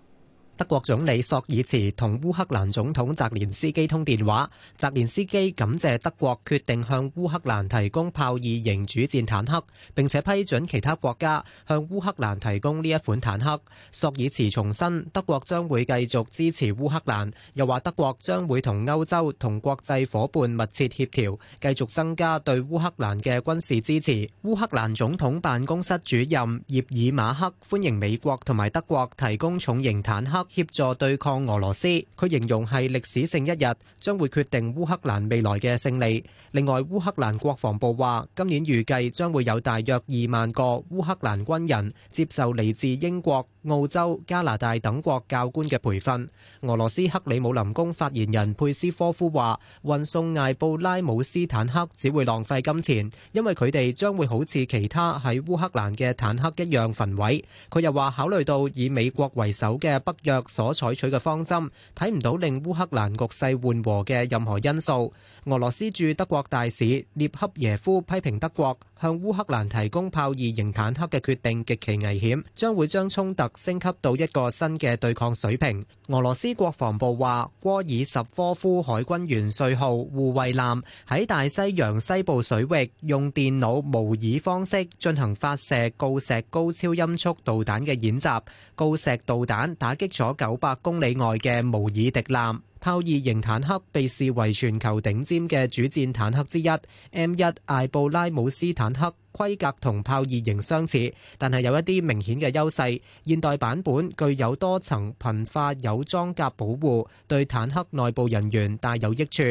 德國總理朔爾茨同烏克蘭總統澤連斯基通電話，澤連斯基感謝德國決定向烏克蘭提供豹二型主戰坦克，並且批准其他國家向烏克蘭提供呢一款坦克。朔爾茨重申德國將會繼續支持烏克蘭，又話德國將會同歐洲同國際夥伴密切協調，繼續增加對烏克蘭嘅軍事支持。烏克蘭總統辦公室主任葉爾馬克歡迎美國同埋德國提供重型坦克，協助對抗俄羅斯，佢形容係歷史性一日，將會決定烏克蘭未來嘅勝利。另外，烏克蘭國防部話今年預計將會有大約二萬個烏克蘭軍人接受嚟自英國、澳洲、加拿大等國教官嘅培訓。俄羅斯克里姆林宮發言人佩斯科夫話運送艾布拉姆斯坦克只會浪費金錢，因為佢哋將會好似其他喺烏克蘭嘅坦克一樣焚毀，佢又話考慮到以美國為首嘅北約，所採取嘅方針睇唔到令烏克蘭局勢緩和嘅任何因素。俄羅斯駐德國大使涅恰耶夫批評德國向烏克蘭提供豹二型坦克嘅決定極其危險，將會將衝突升級到一個新嘅對抗水平。俄羅斯國防部話，戈爾什科夫海軍元帥號護衛艦喺大西洋西部水域用電腦模擬方式進行發射鋯石高超音速導彈嘅演習，鋯石導彈打擊咗九百公里外嘅模擬敵艦。炮二型坦克被視為全球頂尖嘅主戰坦克之一，M1 艾布拉姆斯坦克規格同炮二型相似，但係有一啲明顯嘅優勢。現代版本具有多層貧化鈾裝甲保護，對坦克內部人員大有益處。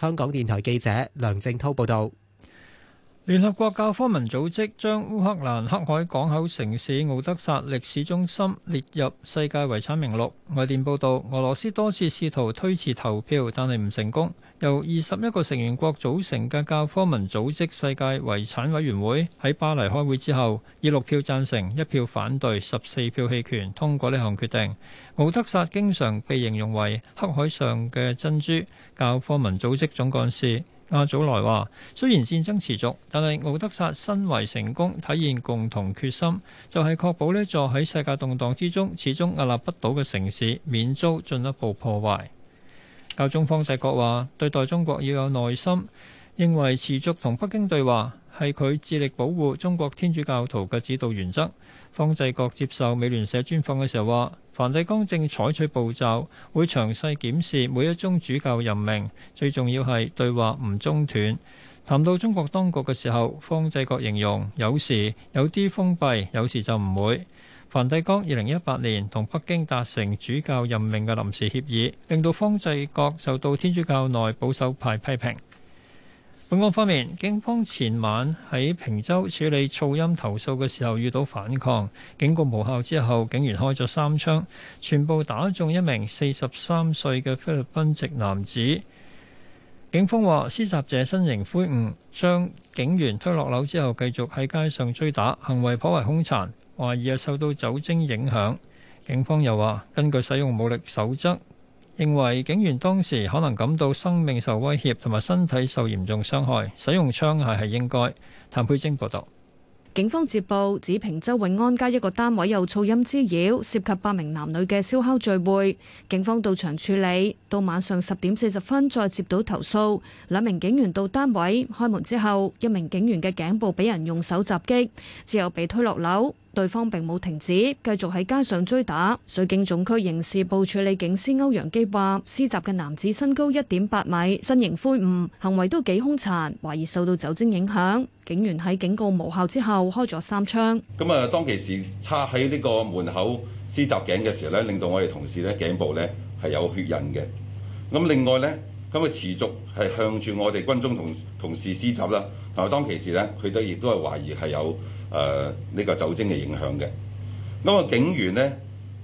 香港電台記者梁正濤報導。聯合國教科文組織將烏克蘭黑海港口城市奧德薩歷史中心列入世界遺產名錄。外電報導，俄羅斯多次試圖推遲投票，但係唔成功。由二十一個成員國組成嘅教科文組織世界遺產委員會喺巴黎開會之後，以六票贊成、一票反對、十四票棄權通過呢項決定。奧德薩經常被形容為黑海上嘅珍珠。教科文組織總幹事，阿祖、啊、萊話：雖然戰爭持續，但係奧德薩申遺成功，體現共同決心，就係、是、確保呢座喺世界動蕩之中，始終屹立不倒嘅城市免遭進一步破壞。教、啊、宗方濟各話：對待中國要有耐心，認為持續同北京對話係佢致力保護中國天主教徒嘅指導原則。方濟各接受美聯社專訪嘅時候話。梵蒂岡正採取步驟，會詳細檢視每一宗主教任命。最重要係對話唔中斷。談到中國當局嘅時候，方濟各形容有時有啲封閉，有時就唔會。梵蒂岡二零一八年同北京達成主教任命嘅臨時協議，令到方濟各受到天主教內保守派批評。本港方面，警方前晚喺坪洲處理噪音投訴嘅時候遇到反抗，警告無效之後，警員開咗三槍，全部打中一名四十三歲嘅菲律賓籍男子。警方話，施襲者身形魁梧，將警員推落樓之後，繼續喺街上追打，行為頗為兇殘，懷疑係受到酒精影響。警方又話，根據使用武力守則，認為警員當時可能感到生命受威脅同埋身體受嚴重傷害，使用槍械係應該。譚佩晶報道，警方接報指坪洲永安街一個單位有噪音滋擾，涉及八名男女嘅燒烤聚會，警方到場處理。到晚上十點四十分再接到投訴，兩名警員到單位開門之後，一名警員嘅頸部俾人用手襲擊，之後被推落樓。對方並冇停止，繼續喺街上追打。水警總區刑事部處理警司歐陽基話，施襲嘅男子身高一點八米，身形魁梧，行為都幾兇殘，懷疑受到酒精影響。警員喺警告無效之後，開咗三槍。咁啊，當其時插喺呢個門口施襲頸嘅時候呢，令到我哋同事呢頸部呢係有血印嘅。咁另外呢，咁啊持續係向住我哋軍中同同事施襲啦。但係當其時呢，佢都亦都係懷疑係有。誒呢、呃這個酒精嘅影響嘅，咁啊警員呢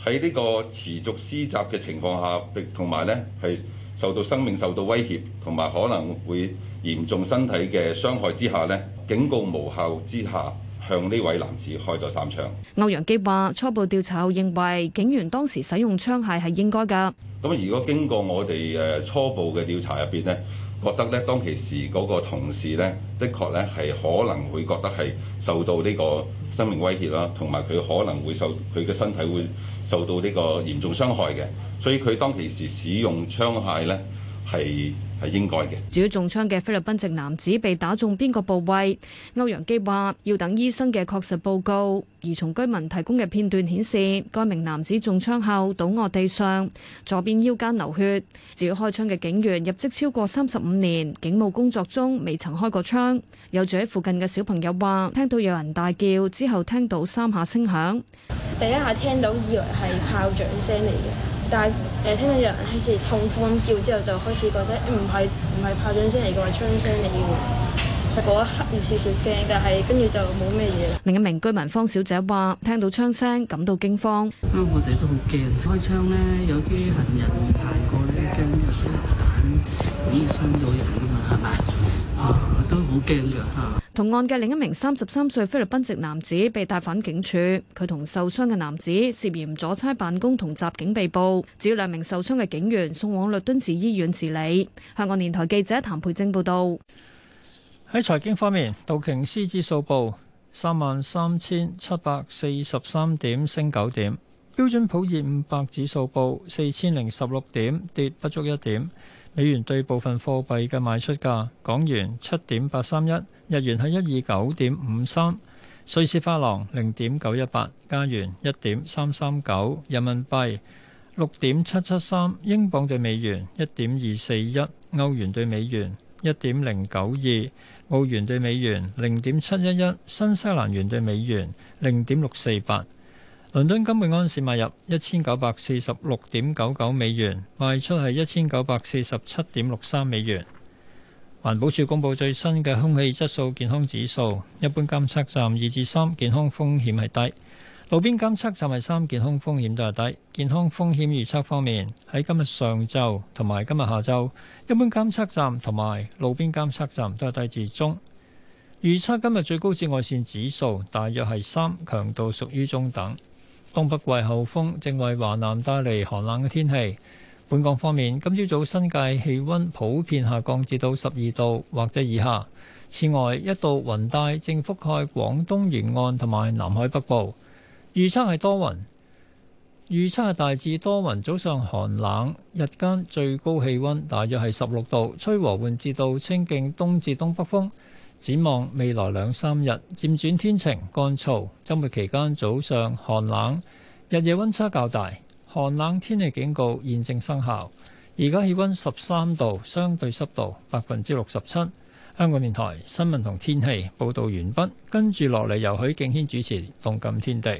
喺呢個持續施襲嘅情況下，同埋呢係受到生命受到威脅，同埋可能會嚴重身體嘅傷害之下，呢警告無效之下，向呢位男子開咗三槍。歐陽基話：初步調查後認為，警員當時使用槍械係應該㗎。咁、呃、如果經過我哋誒初步嘅調查入邊呢？覺得呢，當其時嗰個同事呢，的確呢係可能會覺得係受到呢個生命威脅啦，同埋佢可能會受，佢嘅身體會受到呢個嚴重傷害嘅，所以佢當其時使用槍械呢係係應該嘅。至於中槍嘅菲律賓籍男子被打中邊個部位，歐陽基話要等醫生嘅確實報告。而從居民提供嘅片段顯示，該名男子中槍後倒卧地上，左邊腰間流血。至於開槍嘅警員入職超過三十五年，警務工作中未曾開過槍。有住喺附近嘅小朋友話，聽到有人大叫之後，聽到三下聲響，第一下聽到以為係炮仗聲嚟嘅。但係誒、呃、聽到有人好似痛苦咁叫之後，就開始覺得唔係唔係炮仗聲嚟嘅話，槍聲嚟嘅喎。就嗰一刻有少少驚，但係跟住就冇咩嘢。另一名居民方小姐話：聽到槍聲感到驚慌，啊！我哋都好驚，開槍咧有啲行人行過咧，驚有啲彈可以傷到人㗎嘛，係咪？啊，都好驚㗎嚇。同案嘅另一名三十三歲菲律賓籍男子被帶返警署，佢同受傷嘅男子涉嫌阻差辦公同襲警被捕，只兩名受傷嘅警員送往律敦治醫院治理。香港電台記者譚佩貞報道。喺財經方面，道瓊斯指數報三萬三千七百四十三點，升九點；標準普爾五百指數報四千零十六點，跌不足一點。美元對部分貨幣嘅賣出價，港元七點八三一，日元係一二九點五三，瑞士法郎零點九一八，加元一點三三九，人民幣六點七七三，英鎊對美元一點二四一，歐元對美元一點零九二，澳元對美元零點七一一，新西蘭元對美元零點六四八。倫敦金每安士買入一千九百四十六點九九美元，賣出係一千九百四十七點六三美元。環保署公布最新嘅空氣質素健康指數，一般監測站二至三，健康風險係低；路邊監測站係三，健康風險都係低。健康風險預測方面，喺今日上晝同埋今日下晝，一般監測站同埋路邊監測站都係低至中。預測今日最高紫外線指數大約係三，強度屬於中等。東北季候風正為華南帶嚟寒冷嘅天氣。本港方面，今朝早新界氣溫普遍下降至到十二度或者以下。此外，一道雲帶正覆蓋廣東沿岸同埋南海北部，預測係多雲。預測係大致多雲，早上寒冷，日間最高氣溫大約係十六度，吹和緩至到清勁東至東北風。展望未來兩三日漸轉天晴乾燥，周末期間早上寒冷，日夜温差較大。寒冷天氣警告現正生效。而家氣温十三度，相對濕度百分之六十七。香港電台新聞同天氣報道完畢，跟住落嚟由許敬軒主持《動感天地》。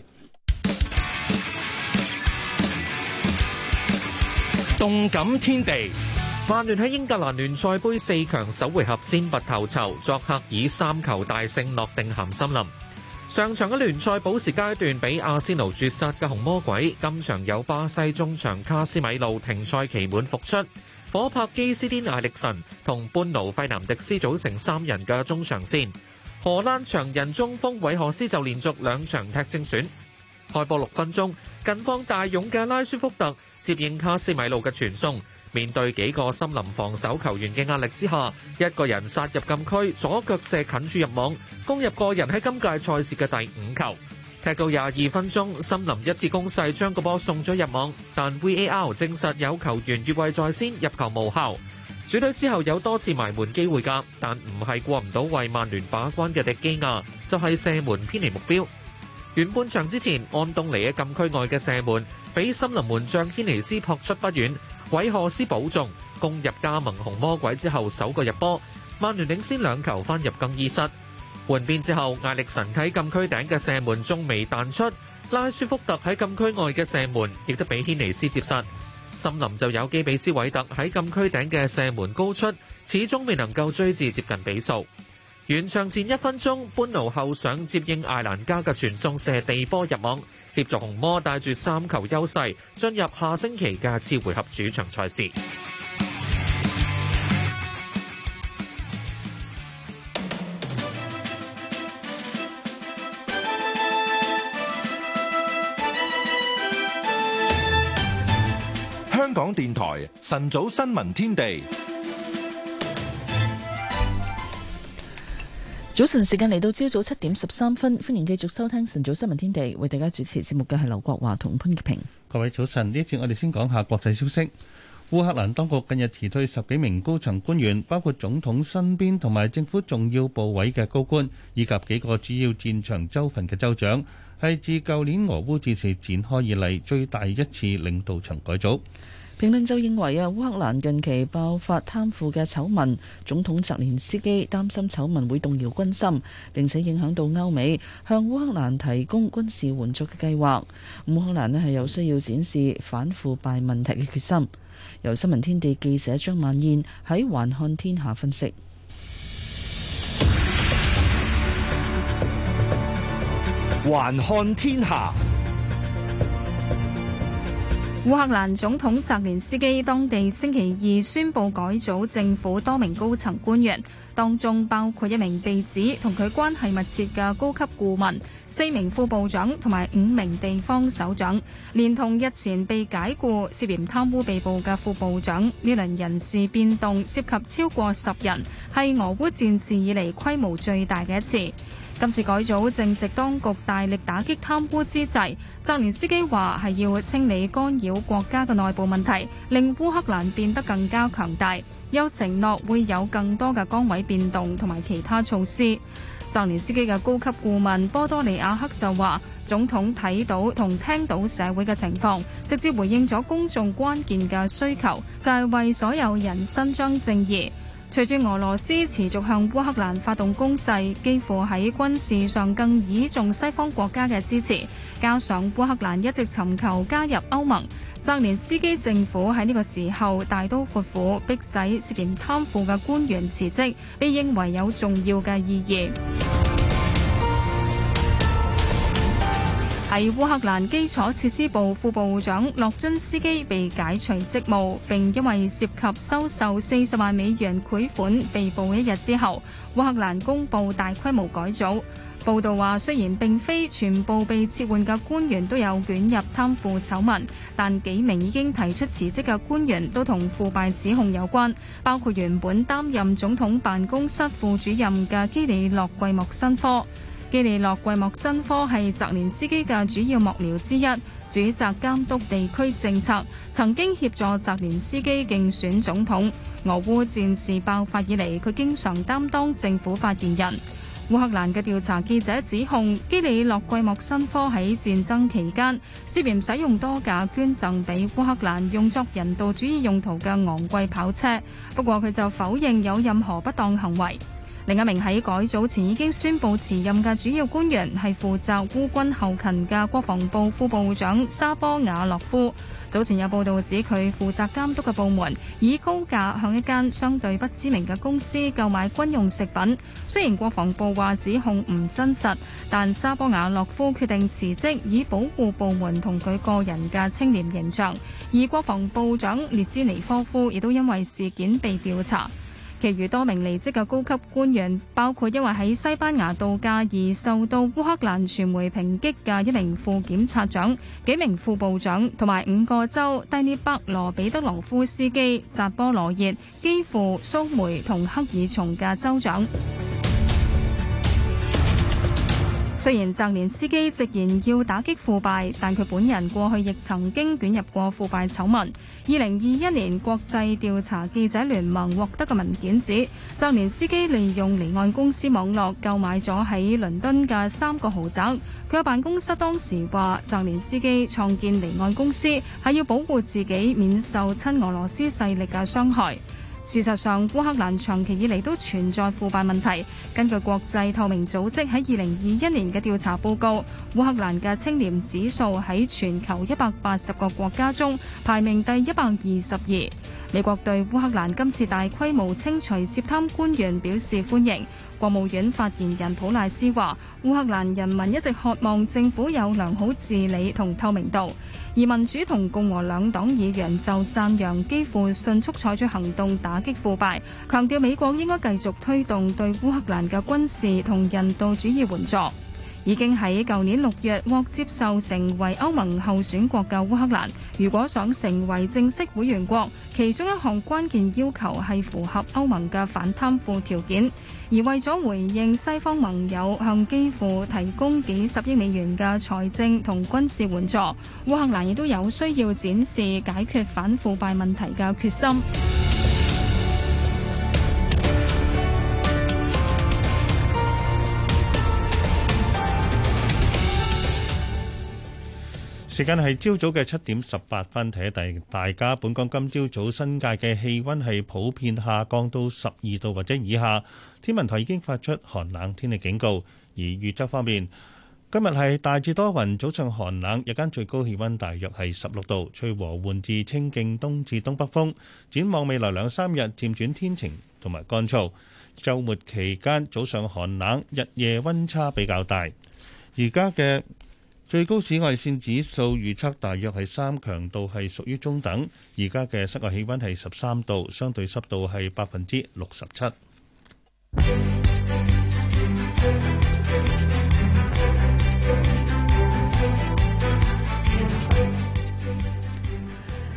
動感天地。曼聯喺英格蘭聯賽盃四強首回合先拔頭籌，作客以三球大勝諾定咸森林。上場嘅聯賽補時階段，俾阿仙奴絕殺嘅紅魔鬼今場有巴西中場卡斯米路停賽期滿復出，夥拍基斯甸艾力神同班奴費南迪斯組成三人嘅中場線。荷蘭長人中鋒韋何斯就連續兩場踢正選。開波六分鐘，近況大勇嘅拉舒福特接應卡斯米路嘅傳送。面對幾個森林防守球員嘅壓力之下，一個人殺入禁區，左腳射近住入網，攻入個人喺今屆賽事嘅第五球。踢到廿二分鐘，森林一次攻勢將個波送咗入網，但 VAR 證實有球員越位在先，入球無效。主隊之後有多次埋門機會噶，但唔係過唔到為曼聯把關嘅迪基亞，就係射門偏離目標。完半場之前，安東尼喺禁區外嘅射門，俾森林門將軒尼斯撲出不遠。韋賀斯保重，攻入加盟紅魔鬼之後首個入波，曼聯領先兩球返入更衣室。換邊之後，艾力神喺禁區頂嘅射門仲未彈出，拉舒福特喺禁區外嘅射門亦都俾恬尼斯接實。森林就有機比斯韋特喺禁區頂嘅射門高出，始終未能夠追至接近比數。完場前一分鐘，班奴後想接應艾蘭加嘅傳送射地波入網，協助紅魔帶住三球優勢進入下星期嘅次回合主場賽事。香港電台晨早新聞天地。早晨，時間嚟到朝早七點十三分，歡迎繼續收聽晨早新聞天地，為大家主持節目嘅係劉國華同潘潔平。各位早晨，呢次我哋先講下國際消息。烏克蘭當局近日辭退十幾名高層官員，包括總統身邊同埋政府重要部委嘅高官，以及幾個主要戰場州份嘅州長，係自舊年俄烏戰事展開以嚟最大一次領導層改組。評論就認為啊，烏克蘭近期爆發貪腐嘅醜聞，總統澤連斯基擔心醜聞會動搖軍心，並且影響到歐美向烏克蘭提供軍事援助嘅計劃。烏克蘭呢係有需要展示反腐敗問題嘅決心。由新聞天地記者張曼燕喺《還看天下》分析。還看天下。烏克蘭總統澤連斯基當地星期二宣布改組政府，多名高層官員當中包括一名被指同佢關係密切嘅高級顧問、四名副部長同埋五名地方首長，連同日前被解僱涉嫌貪污被捕嘅副部長。呢輪人事變動涉及超過十人，係俄烏戰事以嚟規模最大嘅一次。今次改組正值當局大力打擊貪污之際，澤連斯基話，係要清理干擾國家嘅內部問題，令烏克蘭變得更加強大。又承諾會有更多嘅崗位變動同埋其他措施。澤連斯基嘅高級顧問波多利亞克就話，總統睇到同聽到社會嘅情況，直接回應咗公眾關鍵嘅需求，就係為所有人伸張正義。隨住俄羅斯持續向烏克蘭發動攻勢，幾乎喺軍事上更倚重西方國家嘅支持，加上烏克蘭一直尋求加入歐盟，澤連斯基政府喺呢個時候大刀闊斧，迫使涉嫌貪腐嘅官員辭職，被認為有重要嘅意義。喺烏克蘭基礎設施部副部長洛津斯基被解除職務，並因為涉及收受四十萬美元賄款被捕一日之後烏克蘭公布大規模改組。報道話，雖然並非全部被撤換嘅官員都有捲入貪腐醜聞，但幾名已經提出辭職嘅官員都同腐敗指控有關，包括原本擔任總統辦公室副主任嘅基里洛季莫申科。基利洛季莫申科係澤連斯基嘅主要幕僚之一，主責監督地區政策，曾經協助澤連斯基競選總統。俄烏戰事爆發以嚟，佢經常擔當政府發言人。烏克蘭嘅調查記者指控基利洛季莫申科喺戰爭期間涉嫌使用多架捐贈俾烏克蘭用作人道主義用途嘅昂貴跑車，不過佢就否認有任何不當行為。另一名喺改組前已經宣布辭任嘅主要官員係負責烏軍後勤嘅國防部副部長沙波瓦洛夫。早前有報道指佢負責監督嘅部門以高價向一間相對不知名嘅公司購買軍用食品。雖然國防部話指控唔真實，但沙波瓦洛夫決定辭職以保護部門同佢個人嘅清廉形象。而國防部長列茲尼科夫亦都因為事件被調查。其餘多名離職嘅高級官員，包括因為喺西班牙度假而受到烏克蘭傳媒抨擊嘅一名副檢察長，幾名副部長同埋五個州——第聶伯羅彼得羅夫斯基、扎波羅熱、基輔、蘇梅同克爾松嘅州長。雖然澤連斯基直言要打擊腐敗，但佢本人過去亦曾經捲入過腐敗醜聞。二零二一年國際調查記者聯盟獲得嘅文件指，澤連斯基利用離岸公司網絡購買咗喺倫敦嘅三個豪宅。佢嘅辦公室當時話，澤連斯基創建離岸公司係要保護自己免受親俄羅斯勢力嘅傷害。事實上，烏克蘭長期以嚟都存在腐敗問題。根據國際透明組織喺二零二一年嘅調查報告，烏克蘭嘅清廉指數喺全球一百八十個國家中排名第一百二十二。美國對烏克蘭今次大規模清除涉貪官員表示歡迎。國務院發言人普賴斯話：烏克蘭人民一直渴望政府有良好治理同透明度，而民主同共和兩黨議員就讚揚基輔迅速採取行動打擊腐敗，強調美國應該繼續推動對烏克蘭嘅軍事同人道主義援助。已經喺舊年六月獲接受成為歐盟候選國嘅烏克蘭，如果想成為正式會員國，其中一項關鍵要求係符合歐盟嘅反貪腐條件。而為咗回應西方盟友向基輔提供幾十億美元嘅財政同軍事援助，烏克蘭亦都有需要展示解決反腐敗問題嘅決心。時間係朝早嘅七點十八分，提一提大家。本港今朝早，早新界嘅氣溫係普遍下降到十二度或者以下，天文台已經發出寒冷天氣警告。而預測方面，今日係大致多雲，早上寒冷，日間最高氣溫大約係十六度，吹和緩至清勁東至東北風。展望未來兩三日漸轉天晴同埋乾燥，周末期間早上寒冷，日夜溫差比較大。而家嘅。最高紫外線指數預測大約係三強度，係屬於中等。而家嘅室外氣溫係十三度，相對濕度係百分之六十七。。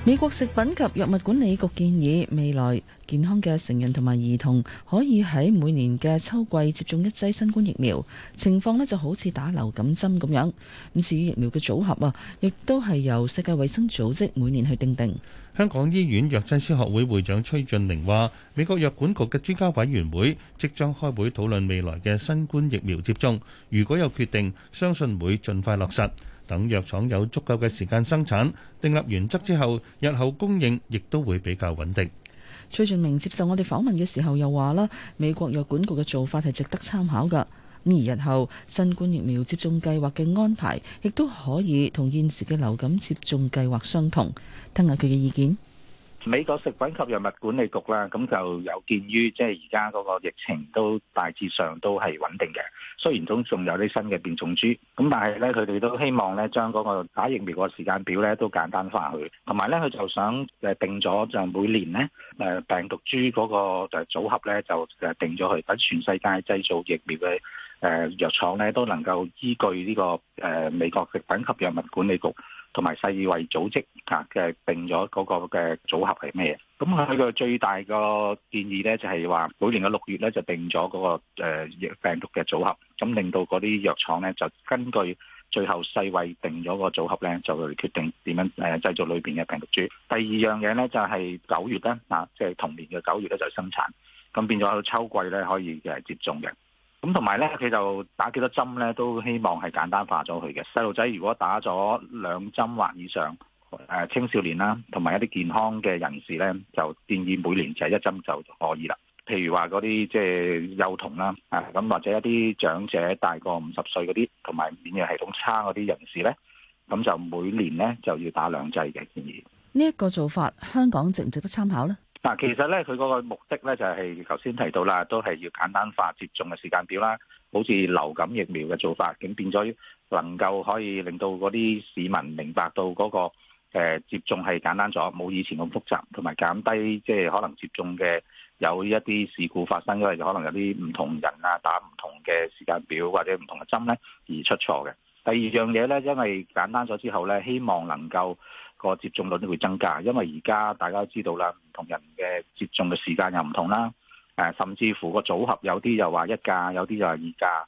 美國食品及藥物管理局建議，未來健康嘅成人同埋兒童可以喺每年嘅秋季接種一劑新冠疫苗，情況咧就好似打流感針咁樣。咁至於疫苗嘅組合啊，亦都係由世界衛生組織每年去訂定。香港醫院藥劑師學會會長崔俊寧話，美國藥管局嘅專家委員會即將開會討論未來嘅新冠疫苗接種，如果有決定，相信會盡快落實。等藥廠有足夠嘅時間生產，訂立原則之後，日後供應亦都會比較穩定。崔俊明接受我哋訪問嘅時候又話啦，美國藥管局嘅做法係值得參考㗎。咁而日後新冠疫苗接種計劃嘅安排，亦都可以同現時嘅流感接種計劃相同。聽下佢嘅意見。美國食品及藥物管理局啦，咁就有見於即係而家嗰個疫情都大致上都係穩定嘅，雖然都仲有啲新嘅變種株，咁但係咧佢哋都希望咧將嗰個打疫苗個時間表咧都簡單化去。同埋咧佢就想誒定咗就每年咧誒病毒株嗰個誒組合咧就誒定咗去，等全世界製造疫苗嘅誒、呃、藥廠咧都能夠依據呢、這個誒、呃、美國食品及藥物管理局。同埋世衛組織嚇嘅定咗嗰個嘅組合係咩嘢？咁佢個最大個建議咧就係話每年嘅六月咧就定咗嗰個病毒嘅組合，咁令到嗰啲藥廠咧就根據最後世衛定咗個組合咧，就嚟決定點樣誒製造裏邊嘅病毒株。第二樣嘢咧就係九月咧啊，即係同年嘅九月咧就生產，咁變咗喺秋季咧可以誒接種嘅。咁同埋咧，佢就打幾多針咧，都希望係簡單化咗佢嘅。細路仔如果打咗兩針或以上，誒、呃、青少年啦，同埋一啲健康嘅人士咧，就建議每年就係一針就可以啦。譬如話嗰啲即係幼童啦，啊咁或者一啲長者大過五十歲嗰啲，同埋免疫系統差嗰啲人士咧，咁就每年咧就要打兩劑嘅建議。呢一個做法，香港值唔值得參考咧？嗱，其實咧，佢嗰個目的咧，就係頭先提到啦，都係要簡單化接種嘅時間表啦。好似流感疫苗嘅做法，咁變咗能夠可以令到嗰啲市民明白到嗰個誒接種係簡單咗，冇以前咁複雜，同埋減低即係可能接種嘅有一啲事故發生，因為可能有啲唔同人啊打唔同嘅時間表或者唔同嘅針咧而出錯嘅。第二樣嘢咧，因為簡單咗之後咧，希望能夠。個接種率都會增加，因為而家大家都知道啦，唔同人嘅接種嘅時間又唔同啦，誒，甚至乎個組合有啲又話一價，有啲又話二價，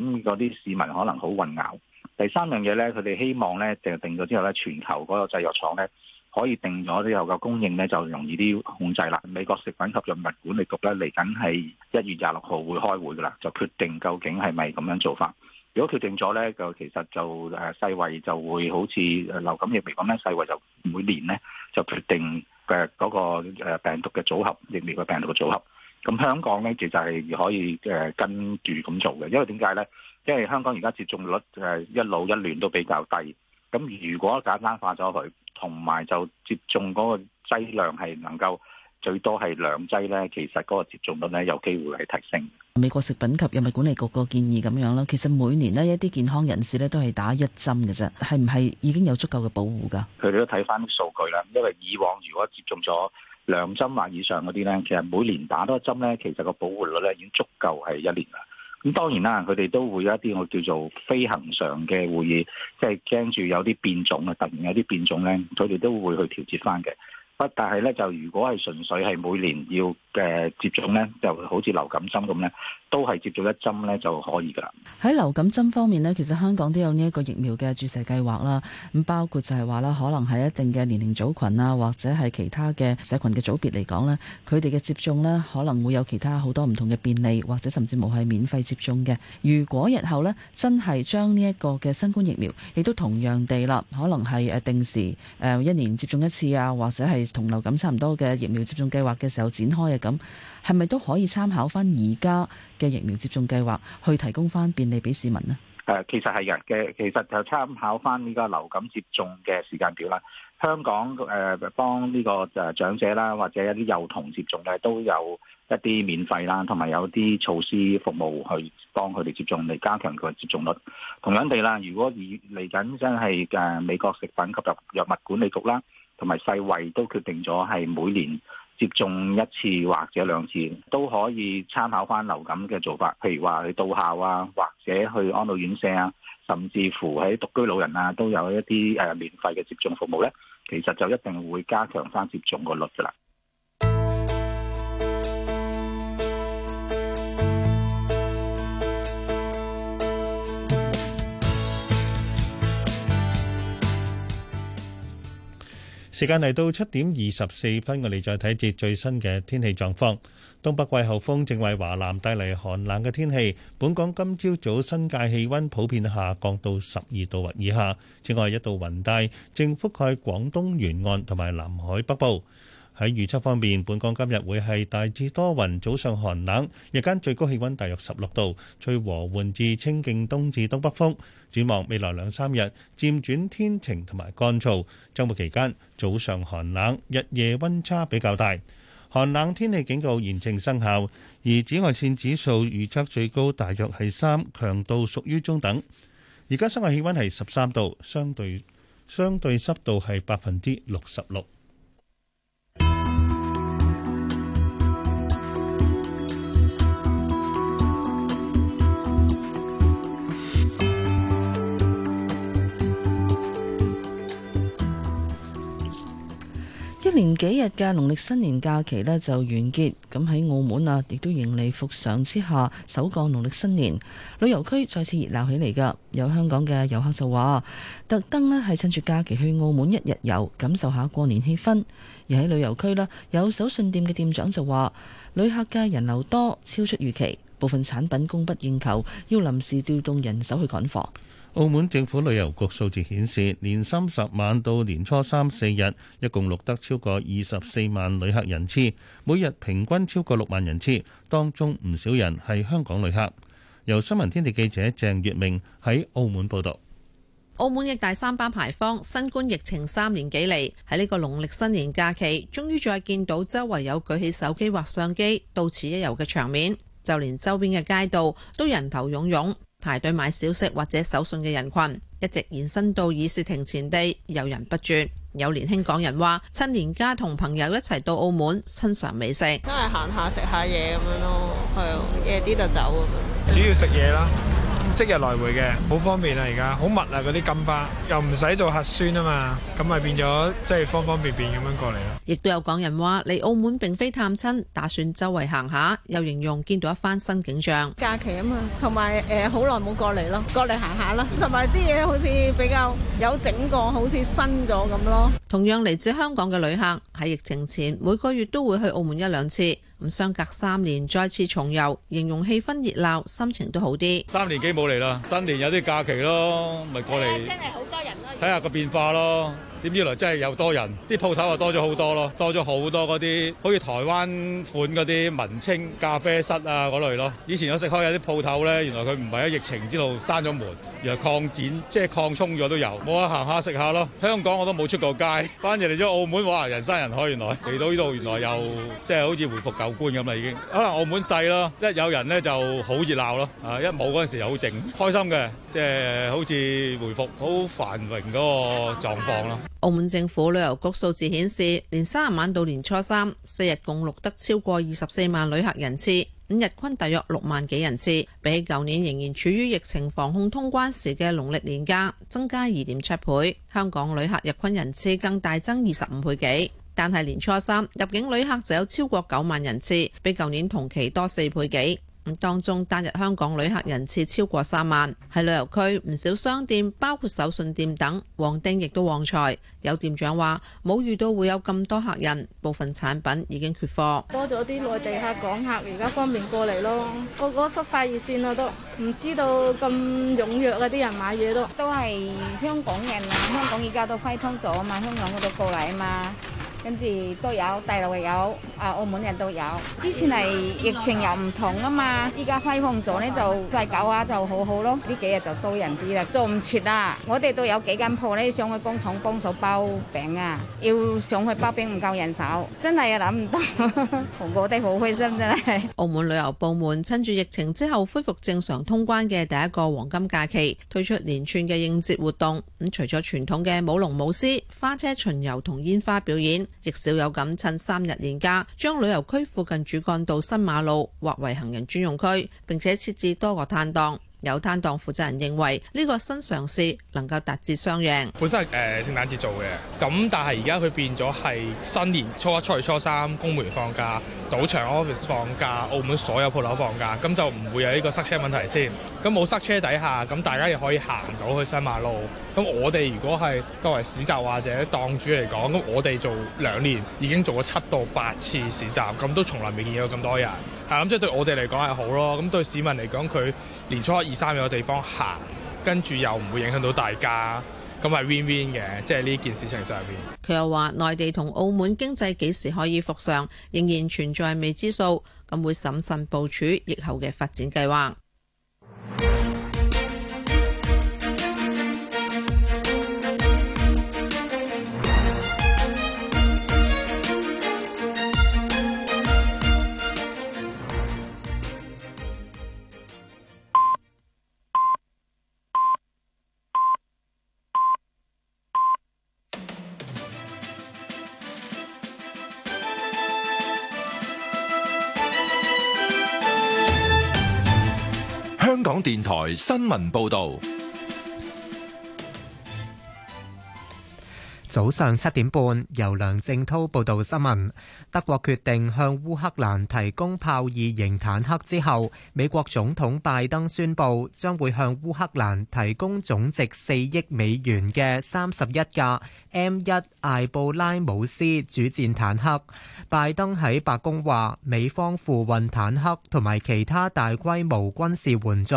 咁嗰啲市民可能好混淆。第三樣嘢呢，佢哋希望呢訂定咗之後呢，全球嗰個製藥廠呢可以訂咗之後個供應呢就容易啲控制啦。美國食品及藥物管理局呢嚟緊係一月廿六號會開會噶啦，就決定究竟係咪咁樣做法。如果決定咗咧，就其實就誒世衛就會好似流感疫苗咁咧，世衛就每年咧就決定嘅嗰個誒病毒嘅組合，疫苗嘅病毒嘅組合。咁香港咧其實係可以誒跟住咁做嘅，因為點解咧？因為香港而家接種率誒一老一嫩都比較低。咁如果簡單化咗佢，同埋就接種嗰個劑量係能夠，最多係兩劑呢，其實嗰個接種率呢，有機會係提升。美國食品及藥物管理局個建議咁樣咯，其實每年呢，一啲健康人士呢，都係打一針嘅啫，係唔係已經有足夠嘅保護㗎？佢哋都睇翻啲數據啦，因為以往如果接種咗兩針或以上嗰啲呢，其實每年打多一針呢，其實個保護率呢已經足夠係一年啦。咁當然啦，佢哋都會有一啲我叫做非恆常嘅會議，即係驚住有啲變種啊，突然有啲變種呢，佢哋都會去調節翻嘅。不，但係咧就如果係純粹係每年要嘅接種呢，就好似流感針咁呢，都係接種一針呢就可以㗎啦。喺流感針方面呢，其實香港都有呢一個疫苗嘅注射計劃啦。咁包括就係話啦，可能係一定嘅年齡組群啊，或者係其他嘅社群嘅組別嚟講咧，佢哋嘅接種呢，可能會有其他好多唔同嘅便利，或者甚至冇係免費接種嘅。如果日後呢，真係將呢一個嘅新冠疫苗，亦都同樣地啦，可能係誒定時誒一年接種一次啊，或者係。同流感差唔多嘅疫苗接種計劃嘅時候展開啊，咁係咪都可以參考翻而家嘅疫苗接種計劃去提供翻便利俾市民呢？誒，其實係嘅，其實就參考翻呢個流感接種嘅時間表啦。香港誒，幫呢個誒長者啦，或者一啲幼童接種嘅都有一啲免費啦，同埋有啲措施服務去幫佢哋接種，嚟加強佢嘅接種率。同樣地啦，如果以嚟緊真係誒美國食品及藥物管理局啦。同埋世衞都決定咗係每年接種一次或者兩次，都可以參考翻流感嘅做法。譬如話去到校啊，或者去安老院舍啊，甚至乎喺獨居老人啊，都有一啲誒、呃、免費嘅接種服務咧。其實就一定會加強翻接種個率噶啦。時間嚟到七點二十四分，我哋再睇一節最新嘅天氣狀況。東北季候風正為華南帶嚟寒冷嘅天氣。本港今朝早，早新界氣温普遍下降到十二度或以下。此外，一道雲帶正覆蓋廣東沿岸同埋南海北部。喺預測方面，本港今日會係大致多雲，早上寒冷，日間最高氣温大約十六度，吹和緩至清勁東至東北風。展望未來兩三日，漸轉天晴同埋乾燥。週末期間早上寒冷，日夜温差比較大。寒冷天氣警告現正生效，而紫外線指數預測最高大約係三，強度屬於中等。而家室外氣温係十三度，相對相對濕度係百分之六十六。年幾日嘅農曆新年假期呢就完結。咁喺澳門啊，亦都迎嚟，復常之下，首個農曆新年旅遊區再次熱鬧起嚟噶。有香港嘅遊客就話，特登呢係趁住假期去澳門一日遊，感受下過年氣氛。而喺旅遊區咧，有手信店嘅店長就話，旅客嘅人流多超出預期，部分產品供不應求，要臨時調動人手去趕貨。澳門政府旅遊局數字顯示，年三十晚到年初三四日，一共錄得超過二十四萬旅客人次，每日平均超過六萬人次，當中唔少人係香港旅客。由新聞天地記者鄭月明喺澳門報道。澳門嘅大三巴牌坊，新冠疫情三年幾嚟，喺呢個農曆新年假期，終於再見到周圍有舉起手機或相機到此一遊嘅場面，就連周邊嘅街道都人頭湧湧。排隊買小食或者手信嘅人群，一直延伸到議事亭前地，遊人不絕。有年輕港人話，趁年假同朋友一齊到澳門親嘗美食，都係行下食下嘢，咁樣咯。係啊，夜啲就走咁樣。主要食嘢啦。即日來回嘅，好方便啊！而家好密啊，嗰啲金巴又唔使做核酸啊嘛，咁咪變咗即係方方便便咁樣過嚟咯。亦都有港人話嚟澳門並非探親，打算周圍行下，又形容見到一番新景象。假期啊嘛，同埋誒好耐冇過嚟咯，過嚟行下咯，同埋啲嘢好似比較有整過，好似新咗咁咯。同樣嚟自香港嘅旅客喺疫情前每個月都會去澳門一兩次。咁相隔三年，再次重遊，形容氣氛熱鬧，心情都好啲。三年幾冇嚟啦，新年有啲假期咯，咪過嚟。真係好多人啦，睇下個變化咯。點知來真係又多人，啲鋪頭又多咗好多咯，多咗好多嗰啲好似台灣款嗰啲文青咖啡室啊嗰類咯。以前我食開有啲鋪頭呢，原來佢唔係喺疫情之後閂咗門，原來擴展即係擴充咗都有。冇啊，行下食下咯。香港我都冇出過街，返嚟嚟咗澳門，哇！人山人海，原來嚟到呢度原來又即係好似回復舊觀咁啦已經。可能澳門細咯，一有人呢就好熱鬧咯。啊，一冇嗰陣時又好靜，開心嘅，即係好似回復好繁榮嗰個狀況咯。澳門政府旅遊局數字顯示，年卅晚到年初三四日共錄得超過二十四萬旅客人次，五日均大約六萬幾人次，比舊年仍然處於疫情防控通關時嘅農曆年假增加二點七倍。香港旅客日均人次更大增二十五倍幾，但係年初三入境旅客就有超過九萬人次，比舊年同期多四倍幾。咁當中單日香港旅客人次超過三萬，喺旅遊區唔少商店，包括手信店等，旺丁亦都旺財。有店長話冇遇到，會有咁多客人，部分產品已經缺貨。多咗啲內地客、港客，而家方便過嚟咯，個個塞晒熱線啊，都唔知道咁踊躍啊！啲人買嘢都都係香港人啊，香港而家都開通咗啊嘛，香港嗰度過嚟啊嘛。跟住都有大陸嘅有，啊，澳門人都有。之前係疫情又唔同啊嘛，依家開放咗呢，就再搞下就好好咯。呢幾日就多人啲啦，做唔切啊！我哋都有幾間鋪呢，上去工廠幫手包餅啊，要上去包餅唔夠人手，真係啊，諗唔到，我哋好開心真係。澳門旅遊部門趁住疫情之後恢復正常通關嘅第一個黃金假期，推出連串嘅應節活動。咁除咗傳統嘅舞龍舞獅、花車巡遊同煙花表演。亦少有噉趁三日連假，將旅遊區附近主幹道新馬路劃為行人專用區，並且設置多個攤檔。有攤檔負責人認為呢、這個新嘗試能夠達至雙贏。本身係誒聖誕節做嘅，咁但係而家佢變咗係新年初一、初二、初三，公務員放假，賭場、office 放假，澳門所有鋪頭放假，咁就唔會有呢個塞車問題先。咁冇塞車底下，咁大家又可以行到去新馬路。咁我哋如果係作為市集或者檔主嚟講，咁我哋做兩年已經做咗七到八次市集，咁都從來未見過咁多人。係咁，即係對我哋嚟講係好咯。咁對市民嚟講，佢年初一、二、三有地方行，跟住又唔會影響到大家，咁係 win win 嘅。即係呢件事情上面，佢又話：內地同澳門經濟幾時可以復常，仍然存在未知數，咁會審慎部署疫後嘅發展計劃。電台新聞報道。早上七點半，由梁正滔報道新聞。德國決定向烏克蘭提供炮二型坦克之後，美國總統拜登宣佈將會向烏克蘭提供總值四億美元嘅三十一架 M 一艾布拉姆斯主戰坦克。拜登喺白宮話，美方附運坦克同埋其他大規模軍事援助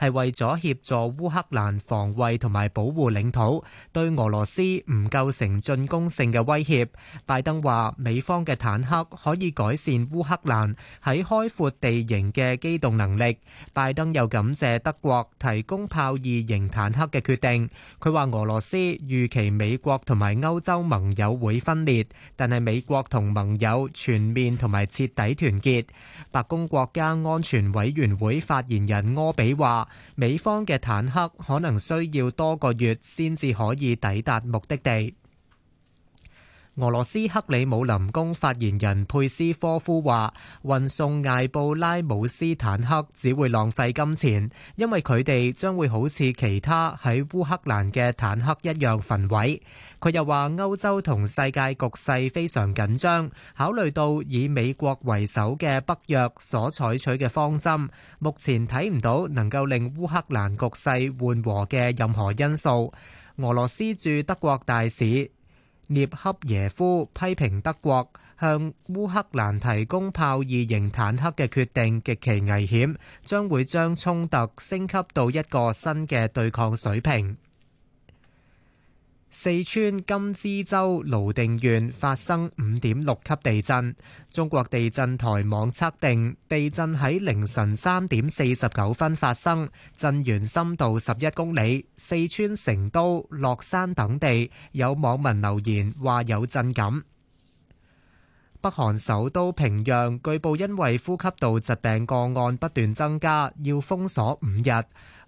係為咗協助烏克蘭防衛同埋保護領土，對俄羅斯唔夠成進攻性嘅威脅，拜登話美方嘅坦克可以改善烏克蘭喺開闊地形嘅機動能力。拜登又感謝德國提供豹二型坦克嘅決定。佢話俄羅斯預期美國同埋歐洲盟友會分裂，但係美國同盟友全面同埋徹底團結。白宮國家安全委員會發言人柯比話，美方嘅坦克可能需要多個月先至可以抵達目的地。俄羅斯克里姆林宮發言人佩斯科夫話：運送艾布拉姆斯坦克只會浪費金錢，因為佢哋將會好似其他喺烏克蘭嘅坦克一樣焚毀。佢又話：歐洲同世界局勢非常緊張，考慮到以美國為首嘅北約所採取嘅方針，目前睇唔到能夠令烏克蘭局勢緩和嘅任何因素。俄羅斯駐德國大使，涅恰耶夫批評德國向烏克蘭提供炮二型坦克嘅決定極其危險，將會將衝突升級到一個新嘅對抗水平。四川甘孜州瀘定縣發生五點六級地震，中國地震台網測定，地震喺凌晨三點四十九分發生，震源深度十一公里。四川成都、樂山等地有網民留言話有震感。北韓首都平壤據報因為呼吸道疾病個案不斷增加，要封鎖五日。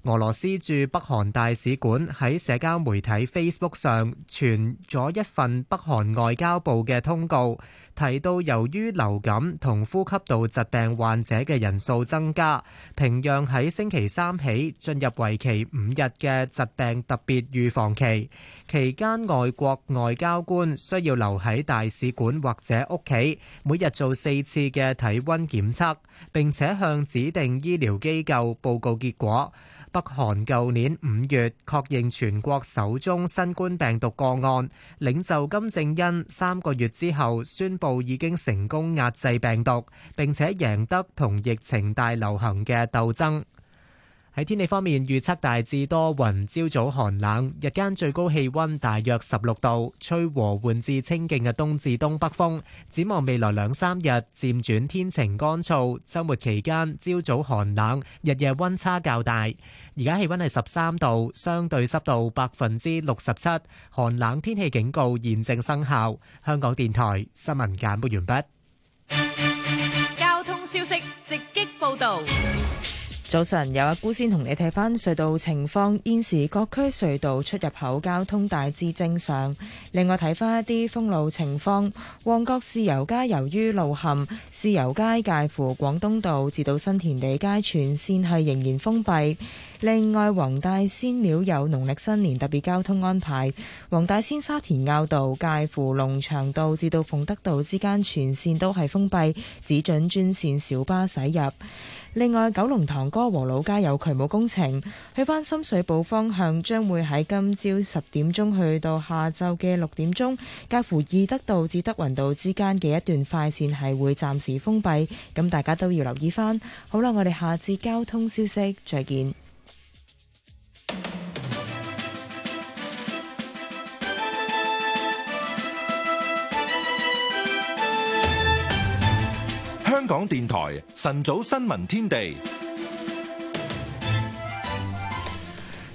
俄羅斯駐北韓大使館喺社交媒體 Facebook 上傳咗一份北韓外交部嘅通告，提到由於流感同呼吸道疾病患者嘅人數增加，平壤喺星期三起進入為期五日嘅疾病特別預防期，期間外國外交官需要留喺大使館或者屋企，每日做四次嘅體溫檢測，並且向指定醫療機構報告結果。北韓舊年五月確認全國首宗新冠病毒個案，領袖金正恩三個月之後宣布已經成功壓制病毒，並且贏得同疫情大流行嘅鬥爭。喺天氣方面預測大致多雲，朝早寒冷，日間最高氣溫大約十六度，吹和緩至清勁嘅東至東北風。展望未來兩三日漸轉天晴乾燥，週末期間朝早寒冷，日夜溫差較大。而家氣溫係十三度，相對濕度百分之六十七，寒冷天氣警告現正生效。香港電台新聞簡報完畢。交通消息直擊報道。早晨，有阿姑先同你睇翻隧道情況，現時各區隧道出入口交通大致正常。另外睇翻一啲封路情況，旺角豉油街由於路陷，豉油街介乎廣東道至到新田地街全線係仍然封閉。另外，黃大仙廟有農曆新年特別交通安排，黃大仙沙田坳道介乎龍翔道至到鳳德道之間全線都係封閉，只准專線小巴駛入。另外，九龍塘歌和老街有渠務工程，去翻深水埗方向，將會喺今朝十點鐘去到下晝嘅六點鐘，介乎義德道至德雲道之間嘅一段快線係會暫時封閉，咁大家都要留意翻。好啦，我哋下節交通消息再見。香港電台晨早新聞天地，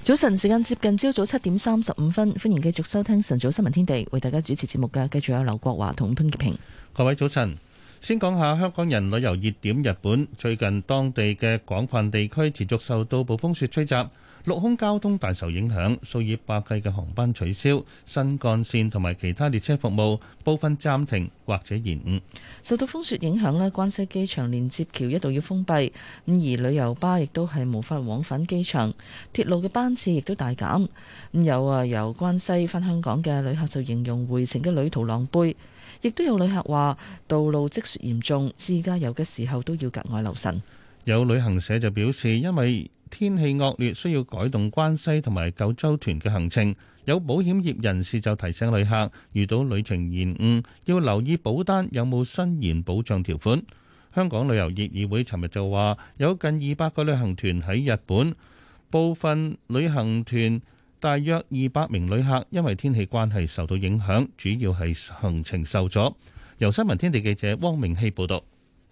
早晨時間接近朝早七點三十五分。歡迎繼續收聽晨早新聞天地，為大家主持節目嘅繼續有劉國華同潘潔平。各位早晨，先講下香港人旅遊熱點日本，最近當地嘅廣泛地區持續受到暴風雪吹襲。陸空交通大受影響，數以百計嘅航班取消，新幹線同埋其他列車服務部分暫停或者延誤。受到風雪影響呢，關西機場連接橋一度要封閉，咁而旅遊巴亦都係無法往返機場。鐵路嘅班次亦都大減。咁有啊由關西返香港嘅旅客就形容回程嘅旅途狼狽，亦都有旅客話道路積雪嚴重，自駕遊嘅時候都要格外留神。有旅行社就表示，因為天氣惡劣，需要改動關西同埋九州團嘅行程。有保險業人士就提醒旅客，遇到旅程延誤要留意保單有冇新延保障條款。香港旅遊業議會尋日就話有近二百個旅行團喺日本，部分旅行團大約二百名旅客因為天氣關係受到影響，主要係行程受阻。由新聞天地記者汪明熙報道。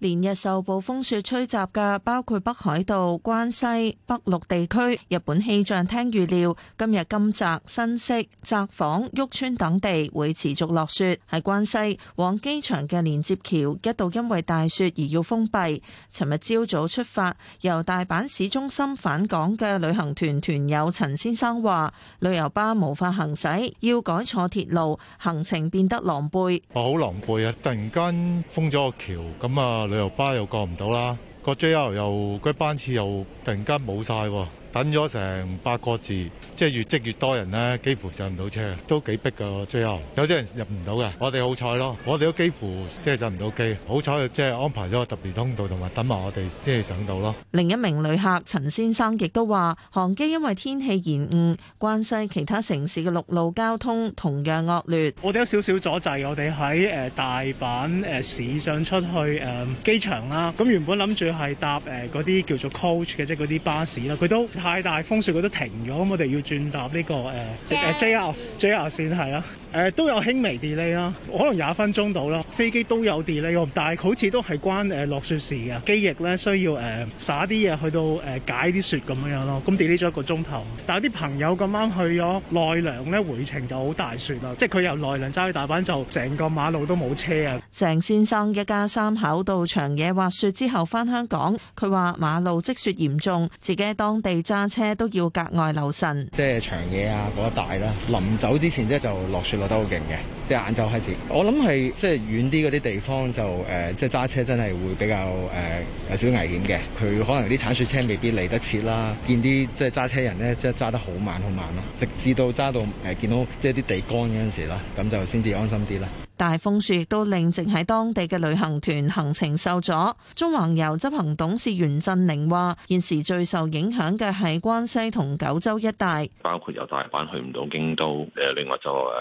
連日受暴風雪吹襲嘅包括北海道、關西、北陸地區。日本氣象廳預料今日金澤、新潟、札幌、旭川等地會持續落雪。喺關西往機場嘅連接橋一度因為大雪而要封閉。尋日朝早出發由大阪市中心返港嘅旅行團團友陳先生話：旅遊巴無法行駛，要改坐鐵路，行程變得狼狽。我好狼狽啊！突然間封咗個橋，咁啊～旅遊巴又過唔到啦，個 JL 又，個班次又突然間冇晒喎。等咗成八個字，即係越積越多人咧，幾乎上唔到車，都幾逼噶。最後有啲人入唔到嘅，我哋好彩咯，我哋都幾乎即係上唔到機，好彩即係安排咗個特別通道同埋等埋我哋先至上到咯。另一名旅客陳先生亦都話，航機因為天氣延誤，關西其他城市嘅陸路交通同樣惡劣。我哋有少少阻滯，我哋喺誒大阪誒市上出去誒機場啦。咁原本諗住係搭誒嗰啲叫做 coach 嘅即係嗰啲巴士啦，佢都。太大風雪，佢都停咗，咁我哋要轉搭呢、呢個誒誒 JR JR 線係啦。線 誒都有輕微 delay 啦，可能廿分鐘到啦，飛機都有 delay 喎，但係好似都係關誒落雪事嘅，機翼咧需要誒灑啲嘢去到誒解啲雪咁樣樣咯，咁 delay 咗一個鐘頭。但係啲朋友咁啱去咗奈良，咧回程就好大雪啊，即係佢由奈良揸去大阪，就成個馬路都冇車啊。鄭先生一家三口到長野滑雪之後翻香港，佢話馬路積雪嚴重，自己當地揸車都要格外留神。即係長野啊嗰一帶啦，臨走之前即係就落雪。覺得好勁嘅，即係晏晝開始。我諗係即係遠啲嗰啲地方就誒、呃，即係揸車真係會比較誒、呃、有少少危險嘅。佢可能啲鏟雪車未必嚟得切啦，見啲即係揸車人咧，即係揸得好慢好慢咯，直至到揸到誒、呃、見到即係啲地乾嗰陣時啦，咁就先至安心啲啦。大風雪都令淨係當地嘅旅行團行程受阻。縱橫遊執行董事袁振寧話，現時最受影響嘅係關西同九州一帶，包括有大阪去唔到京都。誒，另外就誒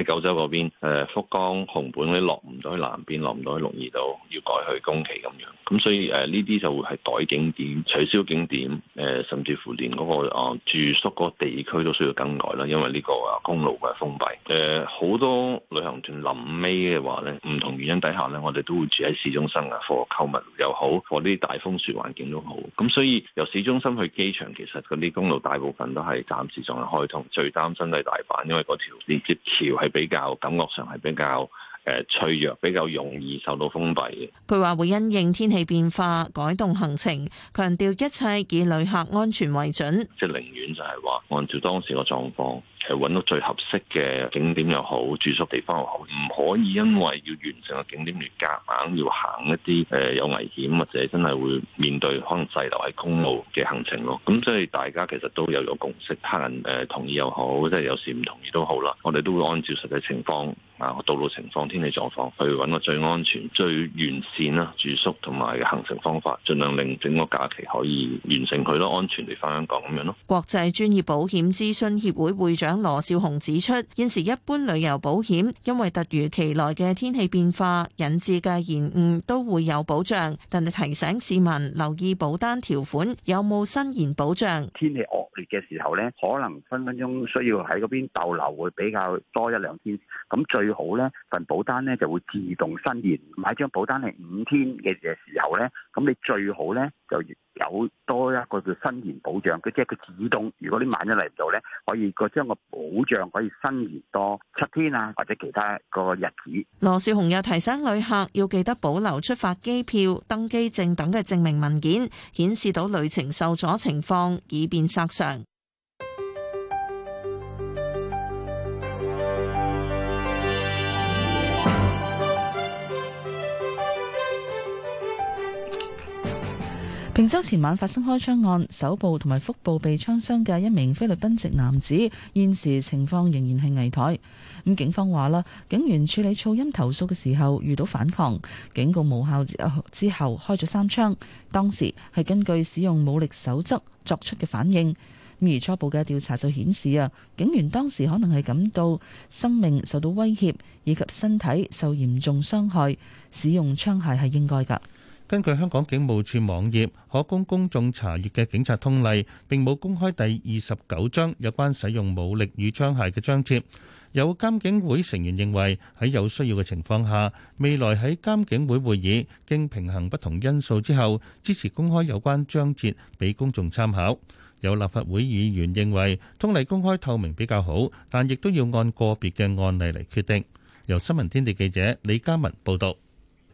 喺九州嗰邊，福岡、熊本你落唔到去南邊，落唔到去鹿兒島，要改去宮崎咁樣。咁所以誒呢啲就係改景點、取消景點，誒甚至乎連嗰個住宿嗰個地區都需要更改啦，因為呢個啊公路嘅封閉。誒好多旅行團諗嘅話咧，唔同原因底下咧，我哋都會住喺市中心啊，或購物又好，或啲大風雪環境都好。咁所以由市中心去機場，其實嗰啲公路大部分都係暫時仲係開通。最擔心係大阪，因為嗰條連接橋係比較感覺上係比較誒脆弱，比較容易受到封閉嘅。佢話會因應天氣變化改動行程，強調一切以旅客安全為準。即係寧願就係話，按照當時個狀況。係揾到最合適嘅景點又好，住宿地方又好，唔可以因為要完成個景點而夾硬要行一啲誒有危險或者真係會面對可能滯留喺公路嘅行程咯。咁所以大家其實都有個共識，客人誒同意又好，即係有時唔同意都好啦。我哋都會按照實際情況。啊，道路情況、天氣狀況去揾個最安全、最完善啦，住宿同埋行程方法，盡量令整個假期可以完成佢咯，安全地翻香港咁樣咯。國際專業保險諮詢協會會長羅少雄指出，現時一般旅遊保險因為突如其來嘅天氣變化引致嘅延誤都會有保障，但係提醒市民留意保單條款有冇新延保障。天氣惡劣嘅時候咧，可能分分鐘需要喺嗰邊逗留會比較多一兩天，咁最。最好呢份保單呢就會自動伸延，買張保單係五天嘅時候呢，咁你最好呢就有多一個叫伸延保障，佢即係佢自動。如果你萬一嚟唔到呢，可以個將個保障可以伸延多七天啊，或者其他個日子。羅少紅又提醒旅客要記得保留出發機票、登機證等嘅證明文件，顯示到旅程受阻情況，以便索償。平洲前晚發生開槍案，手部同埋腹部被槍傷嘅一名菲律賓籍男子，現時情況仍然係危殆。咁警方話啦，警員處理噪音投訴嘅時候遇到反抗，警告無效之後開咗三槍，當時係根據使用武力守則作出嘅反應。而初步嘅調查就顯示啊，警員當時可能係感到生命受到威脅以及身體受嚴重傷害，使用槍械係應該㗎。根據香港警務處網頁，可供公眾查閱嘅警察通例並冇公開第二十九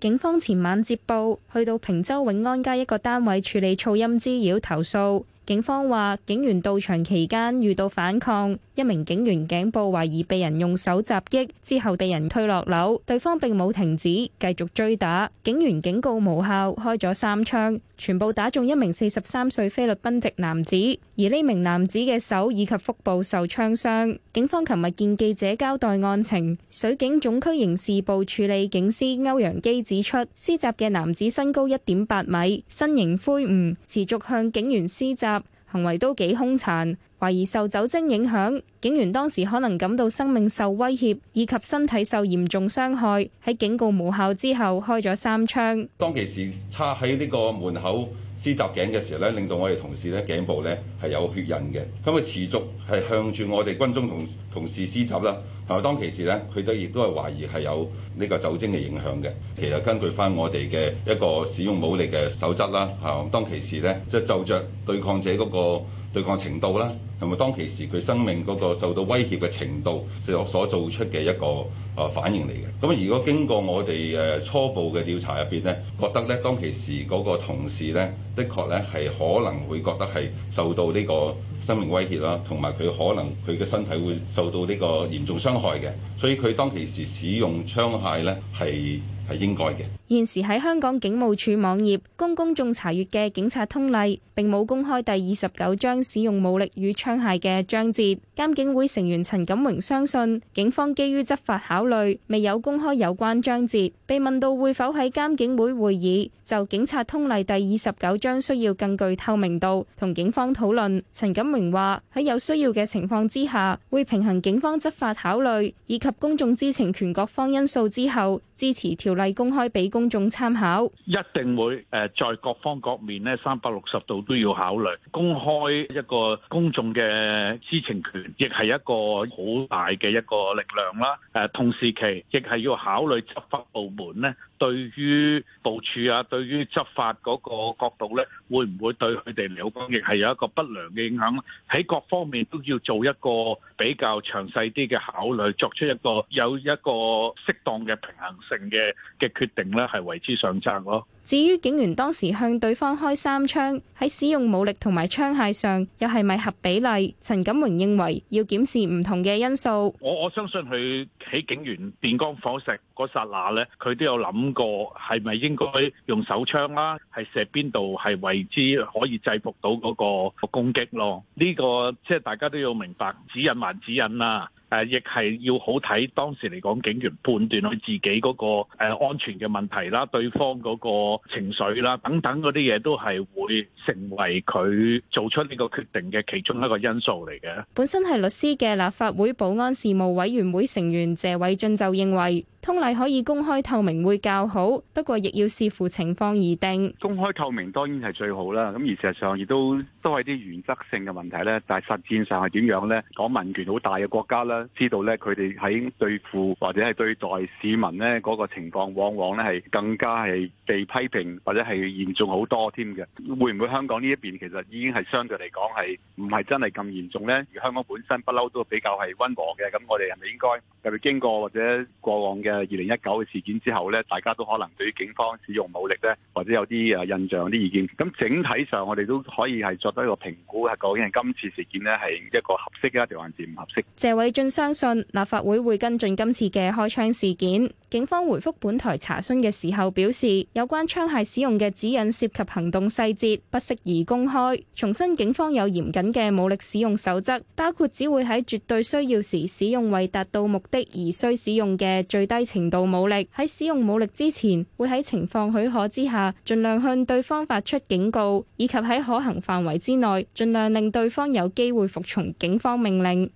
警方前晚接報，去到坪洲永安街一個單位處理噪音滋擾投訴。警方話，警員到場期間遇到反抗，一名警員頸部懷疑被人用手襲擊，之後被人推落樓。對方並冇停止，繼續追打。警員警告無效，開咗三槍，全部打中一名四十三歲菲律賓籍男子，而呢名男子嘅手以及腹部受槍傷。警方琴日見記者交代案情，水警總區刑事部處理警司歐陽基指出，施襲嘅男子身高一點八米，身形魁梧，持續向警員施襲。行為都幾兇殘，懷疑受酒精影響，警員當時可能感到生命受威脅以及身體受嚴重傷害，喺警告無效之後開咗三槍。當其時插喺呢個門口施襲頸嘅時候咧，令到我哋同事咧頸部咧係有血印嘅，咁佢持續係向住我哋軍中同同事施襲啦。係當其時咧，佢都亦都係懷疑係有呢個酒精嘅影響嘅。其實根據翻我哋嘅一個使用武力嘅守則啦，嚇當其時咧，即係就着、是、對抗者嗰個對抗程度啦，同埋當其時佢生命嗰個受到威脅嘅程度，係我所做出嘅一個啊反應嚟嘅。咁如果經過我哋誒初步嘅調查入邊咧，覺得咧當其時嗰個同事咧，的確咧係可能會覺得係受到呢個生命威脅啦，同埋佢可能佢嘅身體會受到呢個嚴重傷。傷害嘅，所以佢當其時使用槍械咧，係係應該嘅。現時喺香港警務處網頁供公眾查閲嘅警察通例並冇公開第二十九章使用武力與槍械嘅章節。監警會成員陳錦榮相信警方基於執法考慮，未有公開有關章節。被問到會否喺監警會會議就警察通例第二十九章需要更具透明度同警方討論，陳錦榮話喺有需要嘅情況之下，會平衡警方執法考慮以及公眾知情權各方因素之後，支持條例公開俾公眾參考一定會誒，在各方各面咧，三百六十度都要考慮，公開一個公眾嘅知情權，亦係一個好大嘅一個力量啦。誒，同時期亦係要考慮執法部門咧。對於部署啊，對於執法嗰個角度咧，會唔會對佢哋嚟講亦係有一個不良嘅影響？喺各方面都要做一個比較詳細啲嘅考慮，作出一個有一個適當嘅平衡性嘅嘅決定咧，係為之上策咯。至於警員當時向對方開三槍，喺使用武力同埋槍械上，又係咪合比例？陳錦榮認為要檢視唔同嘅因素。我我相信佢喺警員電光火石嗰剎那咧，佢都有諗過係咪應該用手槍啦、啊，係射邊度，係為之可以制服到嗰個攻擊咯、啊。呢、這個即係大家都要明白指引還指引啦、啊。誒，亦係要好睇當時嚟講，警員判斷佢自己嗰個誒安全嘅問題啦，對方嗰個情緒啦，等等嗰啲嘢都係會成為佢做出呢個決定嘅其中一個因素嚟嘅。本身係律師嘅立法會保安事務委員會成員謝偉俊就認為。通例可以公開透明會較好，不過亦要視乎情況而定。公開透明當然係最好啦。咁而事實上亦都都係啲原則性嘅問題咧。但係實踐上係點樣咧？講民權好大嘅國家咧，知道咧佢哋喺對付或者係對待市民咧嗰個情況往往咧係更加係被批評或者係嚴重好多添嘅。會唔會香港呢一邊其實已經係相對嚟講，係唔係真係咁嚴重咧？而香港本身不嬲都比較係溫和嘅。咁我哋人哋應該特別經過或者過往嘅？誒，二零一九嘅事件之後咧，大家都可能對於警方使用武力咧，或者有啲誒印象、啲意見。咁整體上，我哋都可以係作一個評估，係究竟今次事件咧，係一個合適咧，定還是唔合適？謝偉俊相信立法會會跟進今次嘅開槍事件。警方回覆本台查詢嘅時候表示，有關槍械使用嘅指引涉及行動細節，不適宜公開。重申警方有嚴謹嘅武力使用守則，包括只會喺絕對需要時使用，為達到目的而需使用嘅最低。程度武力，喺使用武力之前，會喺情況許可之下，盡量向對方發出警告，以及喺可行範圍之內，盡量令對方有機會服從警方命令。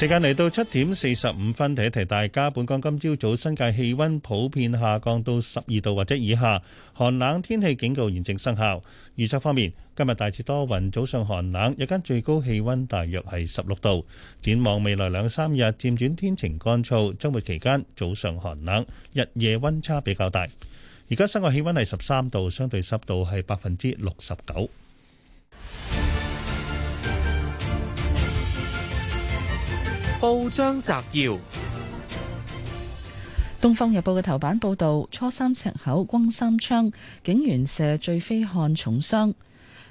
時間嚟到七點四十五分，提一提大家。本港今朝早，早新界氣溫普遍下降到十二度或者以下，寒冷天氣警告現正生效。預測方面，今日大致多雲，早上寒冷，日間最高氣溫大約係十六度。展望未來兩三日，漸轉天晴乾燥，周末期間早上寒冷，日夜溫差比較大。而家室外氣溫係十三度，相對濕度係百分之六十九。報章摘要：《東方日報》嘅頭版報道，初三赤口，轟三槍，警員射醉飛漢重傷。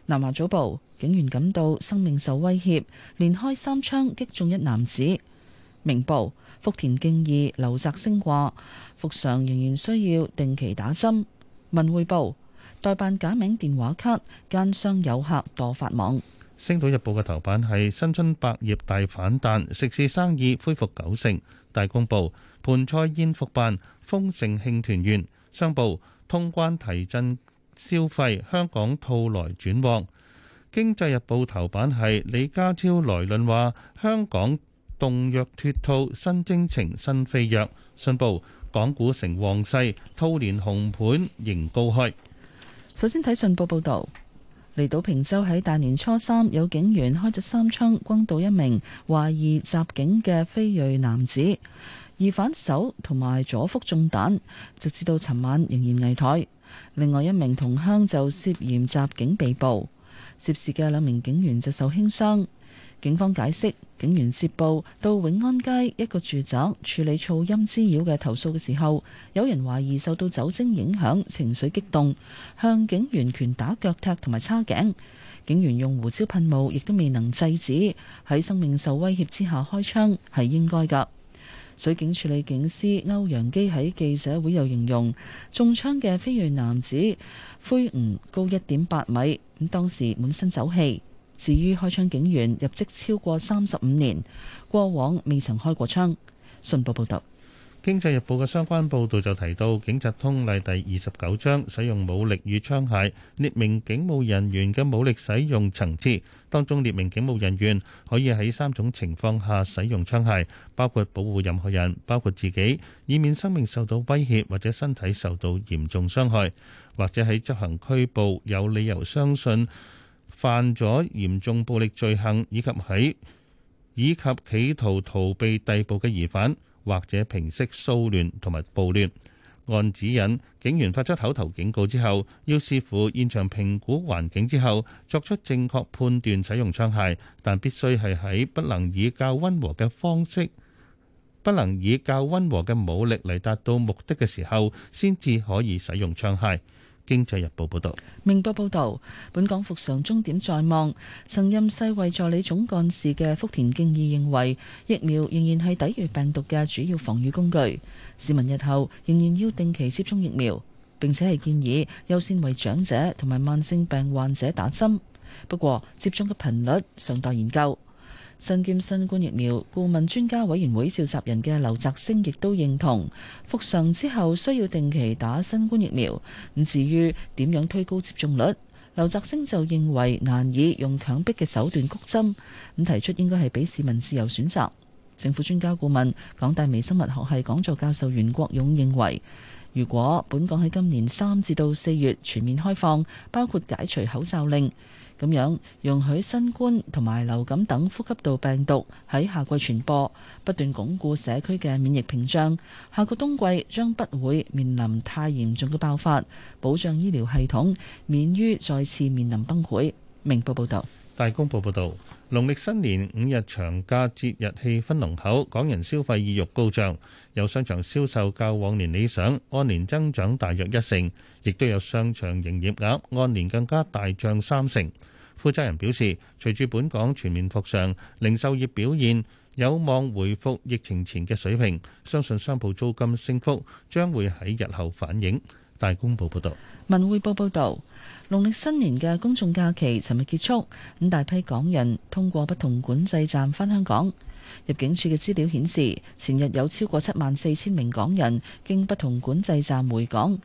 南華早報：警員感到生命受威脅，連開三槍擊中一男子。明報：福田敬義、劉澤星話，復常仍然需要定期打針。文匯報：代辦假名電話卡，奸商遊客墮法網。星島日報嘅頭版係新春百業大反彈，食肆生意恢復九成。大公報盆菜宴復辦，豐盛慶團圓。商報通關提振消費，香港套來轉旺。經濟日報頭版係李家超來論話，香港動若脱兔，新征程新飛躍。信報港股成旺勢，兔年紅盤仍高開。首先睇信報報道。嚟到坪洲喺大年初三，有警員開咗三槍，擊倒一名懷疑襲警嘅非裔男子，而反手同埋左腹中彈，直至到尋晚仍然危殆。另外一名同鄉就涉嫌襲警被捕，涉事嘅兩名警員就受輕傷。警方解釋。警員接報到永安街一個住宅處理噪音滋擾嘅投訴嘅時候，有人懷疑受到酒精影響，情緒激動，向警員拳打腳踢同埋叉頸。警員用胡椒噴霧亦都未能制止，喺生命受威脅之下開槍係應該㗎。水警處理警司歐陽基喺記者會又形容中槍嘅非裔男子魁梧，高一點八米，咁當時滿身酒氣。至於開槍警員入職超過三十五年，過往未曾開過槍。信報報道，《經濟日報》嘅相關報導就提到，《警察通例》第二十九章使用武力與槍械，列明警務人員嘅武力使用層次，當中列明警務人員可以喺三種情況下使用槍械，包括保護任何人，包括自己，以免生命受到威脅或者身體受到嚴重傷害，或者喺執行拘捕有理由相信犯咗嚴重暴力罪行，以及喺以及企圖逃避逮捕嘅疑犯，或者平息騷亂同埋暴亂。按指引，警員發出口頭警告之後，要視乎現場評估環境之後，作出正確判斷，使用槍械，但必須係喺不能以較溫和嘅方式，不能以較溫和嘅武力嚟達到目的嘅時候，先至可以使用槍械。經濟日報報道，明報報道，本港復常終點在望。曾任世衛助理總幹事嘅福田敬二認為，疫苗仍然係抵禦病毒嘅主要防禦工具。市民日後仍然要定期接種疫苗，並且係建議優先為長者同埋慢性病患者打針。不過，接種嘅頻率尚待研究。身兼新冠疫苗顧問專家委員會召集人嘅劉澤星亦都認同復常之後需要定期打新冠疫苗。咁至於點樣推高接種率，劉澤星就認為難以用強迫嘅手段谷針，咁提出應該係俾市民自由選擇。政府專家顧問港大微生物學系講座教授袁國勇認為，如果本港喺今年三至到四月全面開放，包括解除口罩令。咁樣容許新冠同埋流感等呼吸道病毒喺夏季傳播，不斷鞏固社區嘅免疫屏障，下個冬季將不會面臨太嚴重嘅爆發，保障醫療系統免於再次面臨崩潰。明報報道。《大公報》報道，農曆新年五日長假節日氣氛濃厚，港人消費意欲高漲，有商場銷售較往年理想，按年增長大約一成，亦都有商場營業額按年更加大漲三成。負責人表示，隨住本港全面復常，零售業表現有望回復疫情前嘅水平。相信商鋪租金升幅將會喺日後反映。大公報報道，文匯報報道，農曆新年嘅公眾假期尋日結束，咁大批港人通過不同管制站返香港。入境處嘅資料顯示，前日有超過七萬四千名港人經不同管制站回港，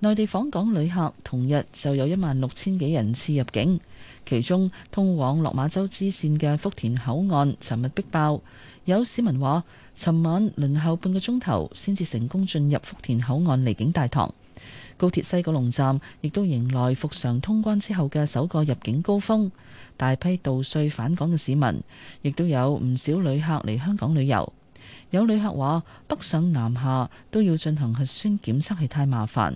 內地訪港旅客同日就有一萬六千幾人次入境。其中通往落馬洲支線嘅福田口岸，尋日逼爆，有市民話：尋晚輪候半個鐘頭先至成功進入福田口岸離境大堂。高鐵西九龍站亦都迎來復常通關之後嘅首個入境高峰，大批度歲返港嘅市民，亦都有唔少旅客嚟香港旅遊。有旅客話：北上南下都要進行核酸檢測係太麻煩，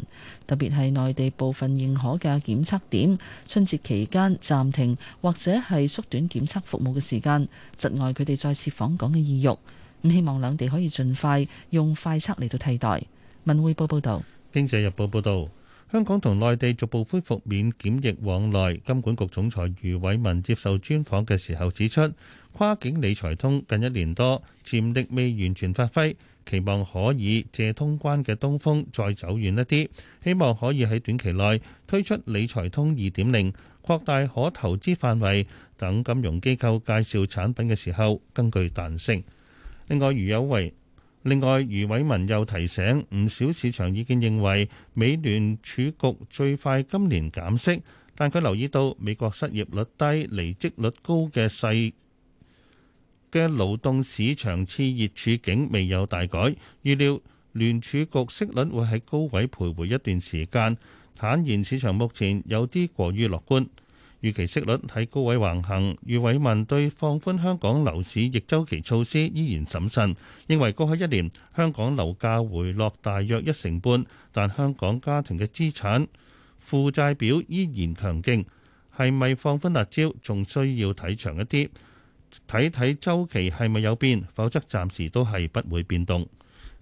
特別係內地部分認可嘅檢測點，春節期間暫停或者係縮短檢測服務嘅時間，窒礙佢哋再次訪港嘅意欲。咁希望兩地可以盡快用快測嚟到替代。文匯報報道，《經濟日報》報道，香港同內地逐步恢復免檢疫往來。金管局總裁余偉文接受專訪嘅時候指出。跨境理財通近一年多潛力未完全發揮，期望可以借通關嘅東風再走遠一啲。希望可以喺短期內推出理財通二點零，擴大可投資範圍等，金融機構介紹產品嘅時候更具彈性。另外，余有為，另外余偉文又提醒，唔少市場意見認為美聯儲局最快今年減息，但佢留意到美國失業率低、離職率高嘅勢。嘅勞動市場熾熱處境未有大改，預料聯儲局息率會喺高位徘徊一段時間，坦言市場目前有啲過於樂觀。預期息率喺高位橫行。余偉文對放寬香港樓市逆周期措施依然審慎，認為過去一年香港樓價回落大約一成半，但香港家庭嘅資產負債表依然強勁，係咪放寬辣招仲需要睇長一啲？睇睇周期係咪有變，否則暫時都係不會變動。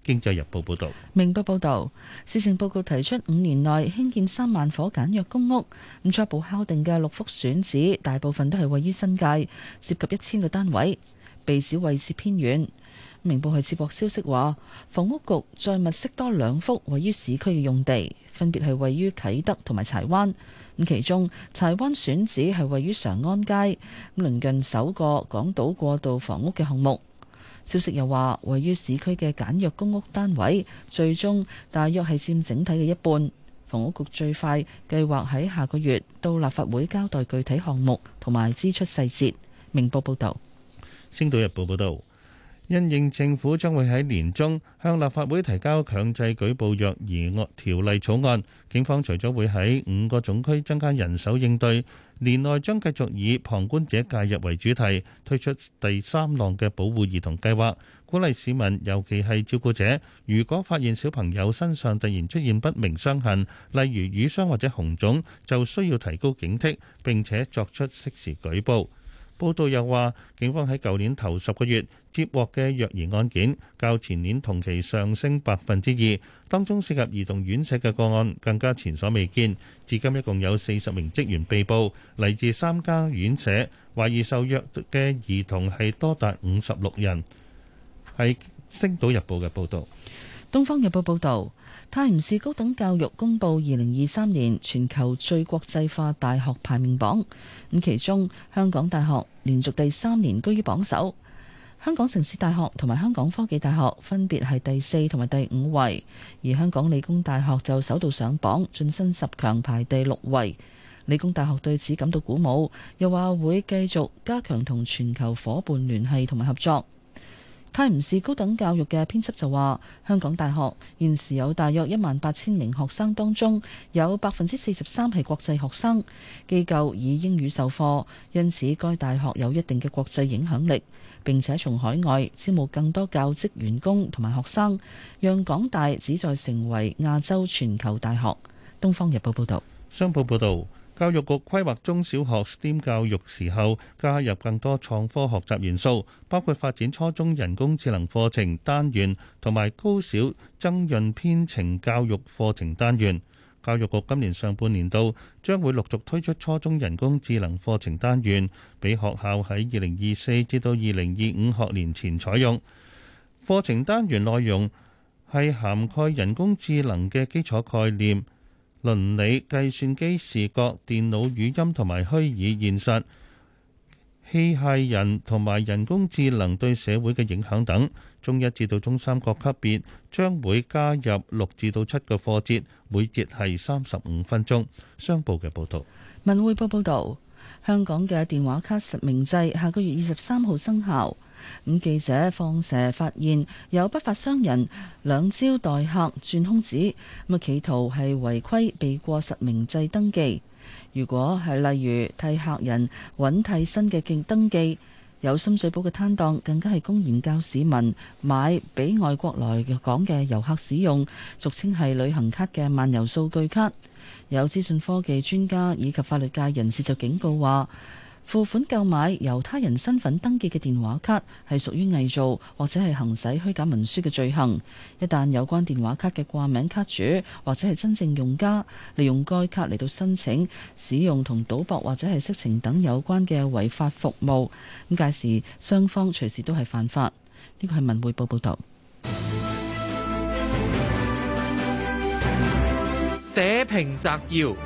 經濟日報報道，明報報道，施政報告提出五年內興建三萬伙簡約公屋，咁初步敲定嘅六幅選址，大部分都係位於新界，涉及一千個單位，被指位置偏遠。明報係接獲消息話，房屋局再物色多兩幅位於市區嘅用地，分別係位於啟德同埋柴灣。咁其中柴灣選址係位於常安街，咁鄰近首個港島過渡房屋嘅項目。消息又話，位於市區嘅簡約公屋單位，最終大約係佔整體嘅一半。房屋局最快計劃喺下個月到立法會交代具體項目同埋支出細節。明報報道，《星島日報》報道。因應政府將會喺年中向立法會提交強制舉報虐兒惡條例草案，警方除咗會喺五個總區增加人手應對，年內將繼續以旁觀者介入為主題，推出第三浪嘅保護兒童計劃，鼓勵市民，尤其係照顧者，如果發現小朋友身上突然出現不明傷痕，例如瘀傷或者紅腫，就需要提高警惕，並且作出適時舉報。報道又話，警方喺舊年頭十個月接獲嘅虐兒案件，較前年同期上升百分之二，當中涉及兒童院舍嘅個案更加前所未見。至今一共有四十名職員被捕，嚟自三家院舍，懷疑受虐嘅兒童係多達五十六人。係《星島日報》嘅報道，《東方日報》報道。泰晤士高等教育公布二零二三年全球最國際化大學排名榜，咁其中香港大學連續第三年居於榜首，香港城市大學同埋香港科技大學分別係第四同埋第五位，而香港理工大學就首度上榜，晉身十強排第六位。理工大學對此感到鼓舞，又話會繼續加強同全球夥伴聯繫同埋合作。泰晤士高等教育嘅編輯就話香港大學現時有大約一萬八千名學生，當中有百分之四十三係國際學生。機構以英語授課，因此該大學有一定嘅國際影響力。並且從海外招募更多教職員工同埋學生，讓港大旨在成為亞洲全球大學。東方日報報道，商報報道。教育局規劃中小學 STEM 教育時候，加入更多創科學習元素，包括發展初中人工智能課程單元，同埋高小增潤編程教育課程單元。教育局今年上半年度將會陸續推出初中人工智能課程單元，俾學校喺二零二四至到二零二五學年前採用。課程單元內容係涵蓋人工智能嘅基礎概念。倫理、計算機視覺、電腦語音同埋虛擬現實、機械人同埋人工智能對社會嘅影響等，中一至到中三個級別將會加入六至到七個課節，每節係三十五分鐘。商報嘅報道，文匯報報道，香港嘅電話卡實名制下個月二十三號生效。咁記者放蛇發現有不法商人兩招待客鑽空子，咁企圖係違規避過實名制登記。如果係例如替客人揾替身嘅登登記，有深水埗嘅攤檔更加係公然教市民買俾外國來港嘅遊客使用，俗稱係旅行卡嘅漫遊數據卡。有資訊科技專家以及法律界人士就警告話，付款購買由他人身份登記嘅電話卡，係屬於偽造或者係行使虛假文書嘅罪行。一旦有關電話卡嘅掛名卡主或者係真正用家，利用該卡嚟到申請使用同賭博或者係色情等有關嘅違法服務，咁屆時雙方隨時都係犯法。呢個係文匯報報道。社評摘要。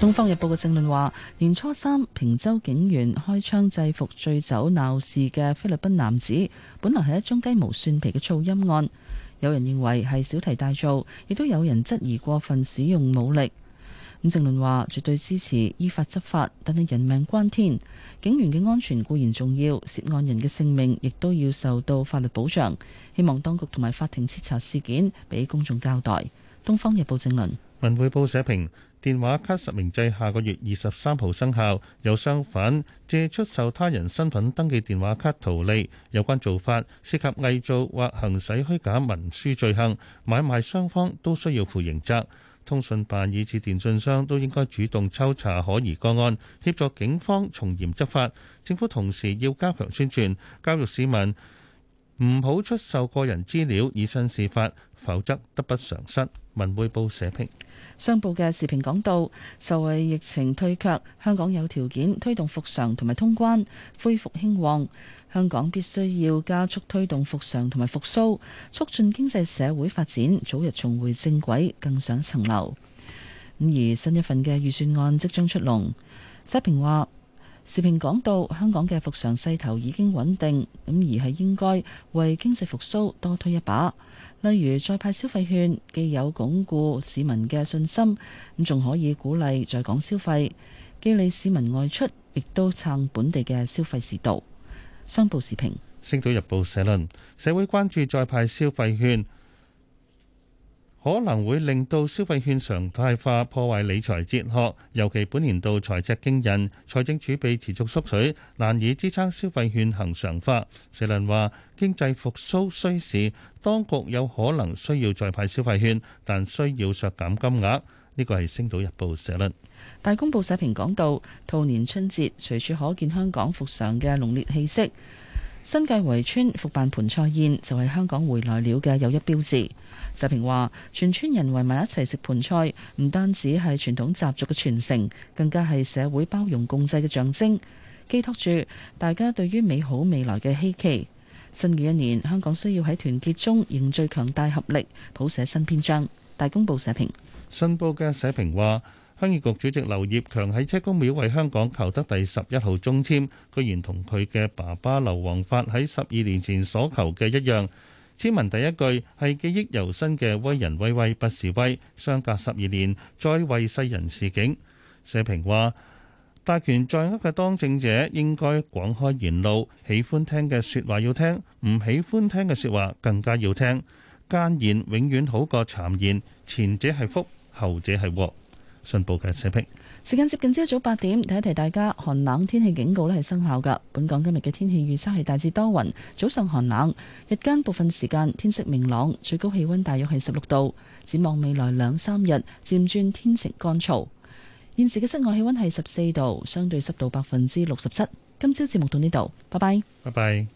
《東方日報》嘅正論話：年初三，平洲警員開槍制服醉酒鬧事嘅菲律賓男子，本來係一宗雞毛蒜皮嘅噪音案。有人認為係小題大做，亦都有人質疑過分使用武力。咁、嗯、正論話：絕對支持依法執法，但係人命關天，警員嘅安全固然重要，涉案人嘅性命亦都要受到法律保障。希望當局同埋法庭徹查事件，俾公眾交代。《東方日報》正論，《文匯報寫》社評。電話卡實名制下個月二十三號生效。有商販借出售他人身份登記電話卡圖利，有關做法涉及偽造或行使虛假文書罪行，買賣雙方都需要負刑責。通訊辦以至電訊商都應該主動抽查可疑個案，協助警方從嚴執法。政府同時要加強宣傳，教育市民唔好出售個人資料以身試法，否則得不償失。文匯報社評。商報嘅時評講到，受惠疫情退卻，香港有條件推動復常同埋通關，恢復興旺。香港必須要加速推動復常同埋復甦，促進經濟社會發展，早日重回正軌，更上層樓。咁而新一份嘅預算案即將出籠，時評話，時評講到香港嘅復常勢頭已經穩定，咁而係應該為經濟復甦多推一把。例如再派消費券，既有鞏固市民嘅信心，咁仲可以鼓勵在港消費，既利市民外出，亦都撐本地嘅消費時度。商報時評，《星島日報》社論：社會關注再派消費券。可能會令到消費券常態化，破壞理財哲學，尤其本年度財赤驚人，財政儲備持續縮水，難以支撐消費券恒常化。社論話經濟復甦需時，當局有可能需要再派消費券，但需要削減金額。呢個係《星島日報》社論。大公報社評講到，兔年春節隨處可見香港復常嘅濃烈氣息，新界圍村復辦盤菜宴就係、是、香港回來了嘅又一標誌。社評話：全村人圍埋一齊食盆菜，唔單止係傳統習俗嘅傳承，更加係社會包容共濟嘅象徵，寄託住大家對於美好未來嘅希冀。新嘅一年，香港需要喺團結中凝聚強大合力，譜寫新篇章。大公報社評。新報嘅社評話：鄉議局主席劉業強喺車公廟為香港求得第十一號中簽，居然同佢嘅爸爸劉皇發喺十二年前所求嘅一樣。此文第一句係記憶猶新嘅威人威威不時威，相隔十二年再為世人示警。社評話：大權在握嘅當政者應該廣開言路，喜歡聽嘅説話要聽，唔喜歡聽嘅説話更加要聽。諫言永遠好過讒言，前者係福，後者係禍。信報嘅社評。時間接近朝早八點，提一提大家寒冷天氣警告呢係生效噶。本港今日嘅天氣預測係大致多雲，早上寒冷，日間部分時間天色明朗，最高氣溫大約係十六度。展望未來兩三日，漸轉天晴乾燥。現時嘅室外氣溫係十四度，相對濕度百分之六十七。今朝節目到呢度，拜拜。拜拜。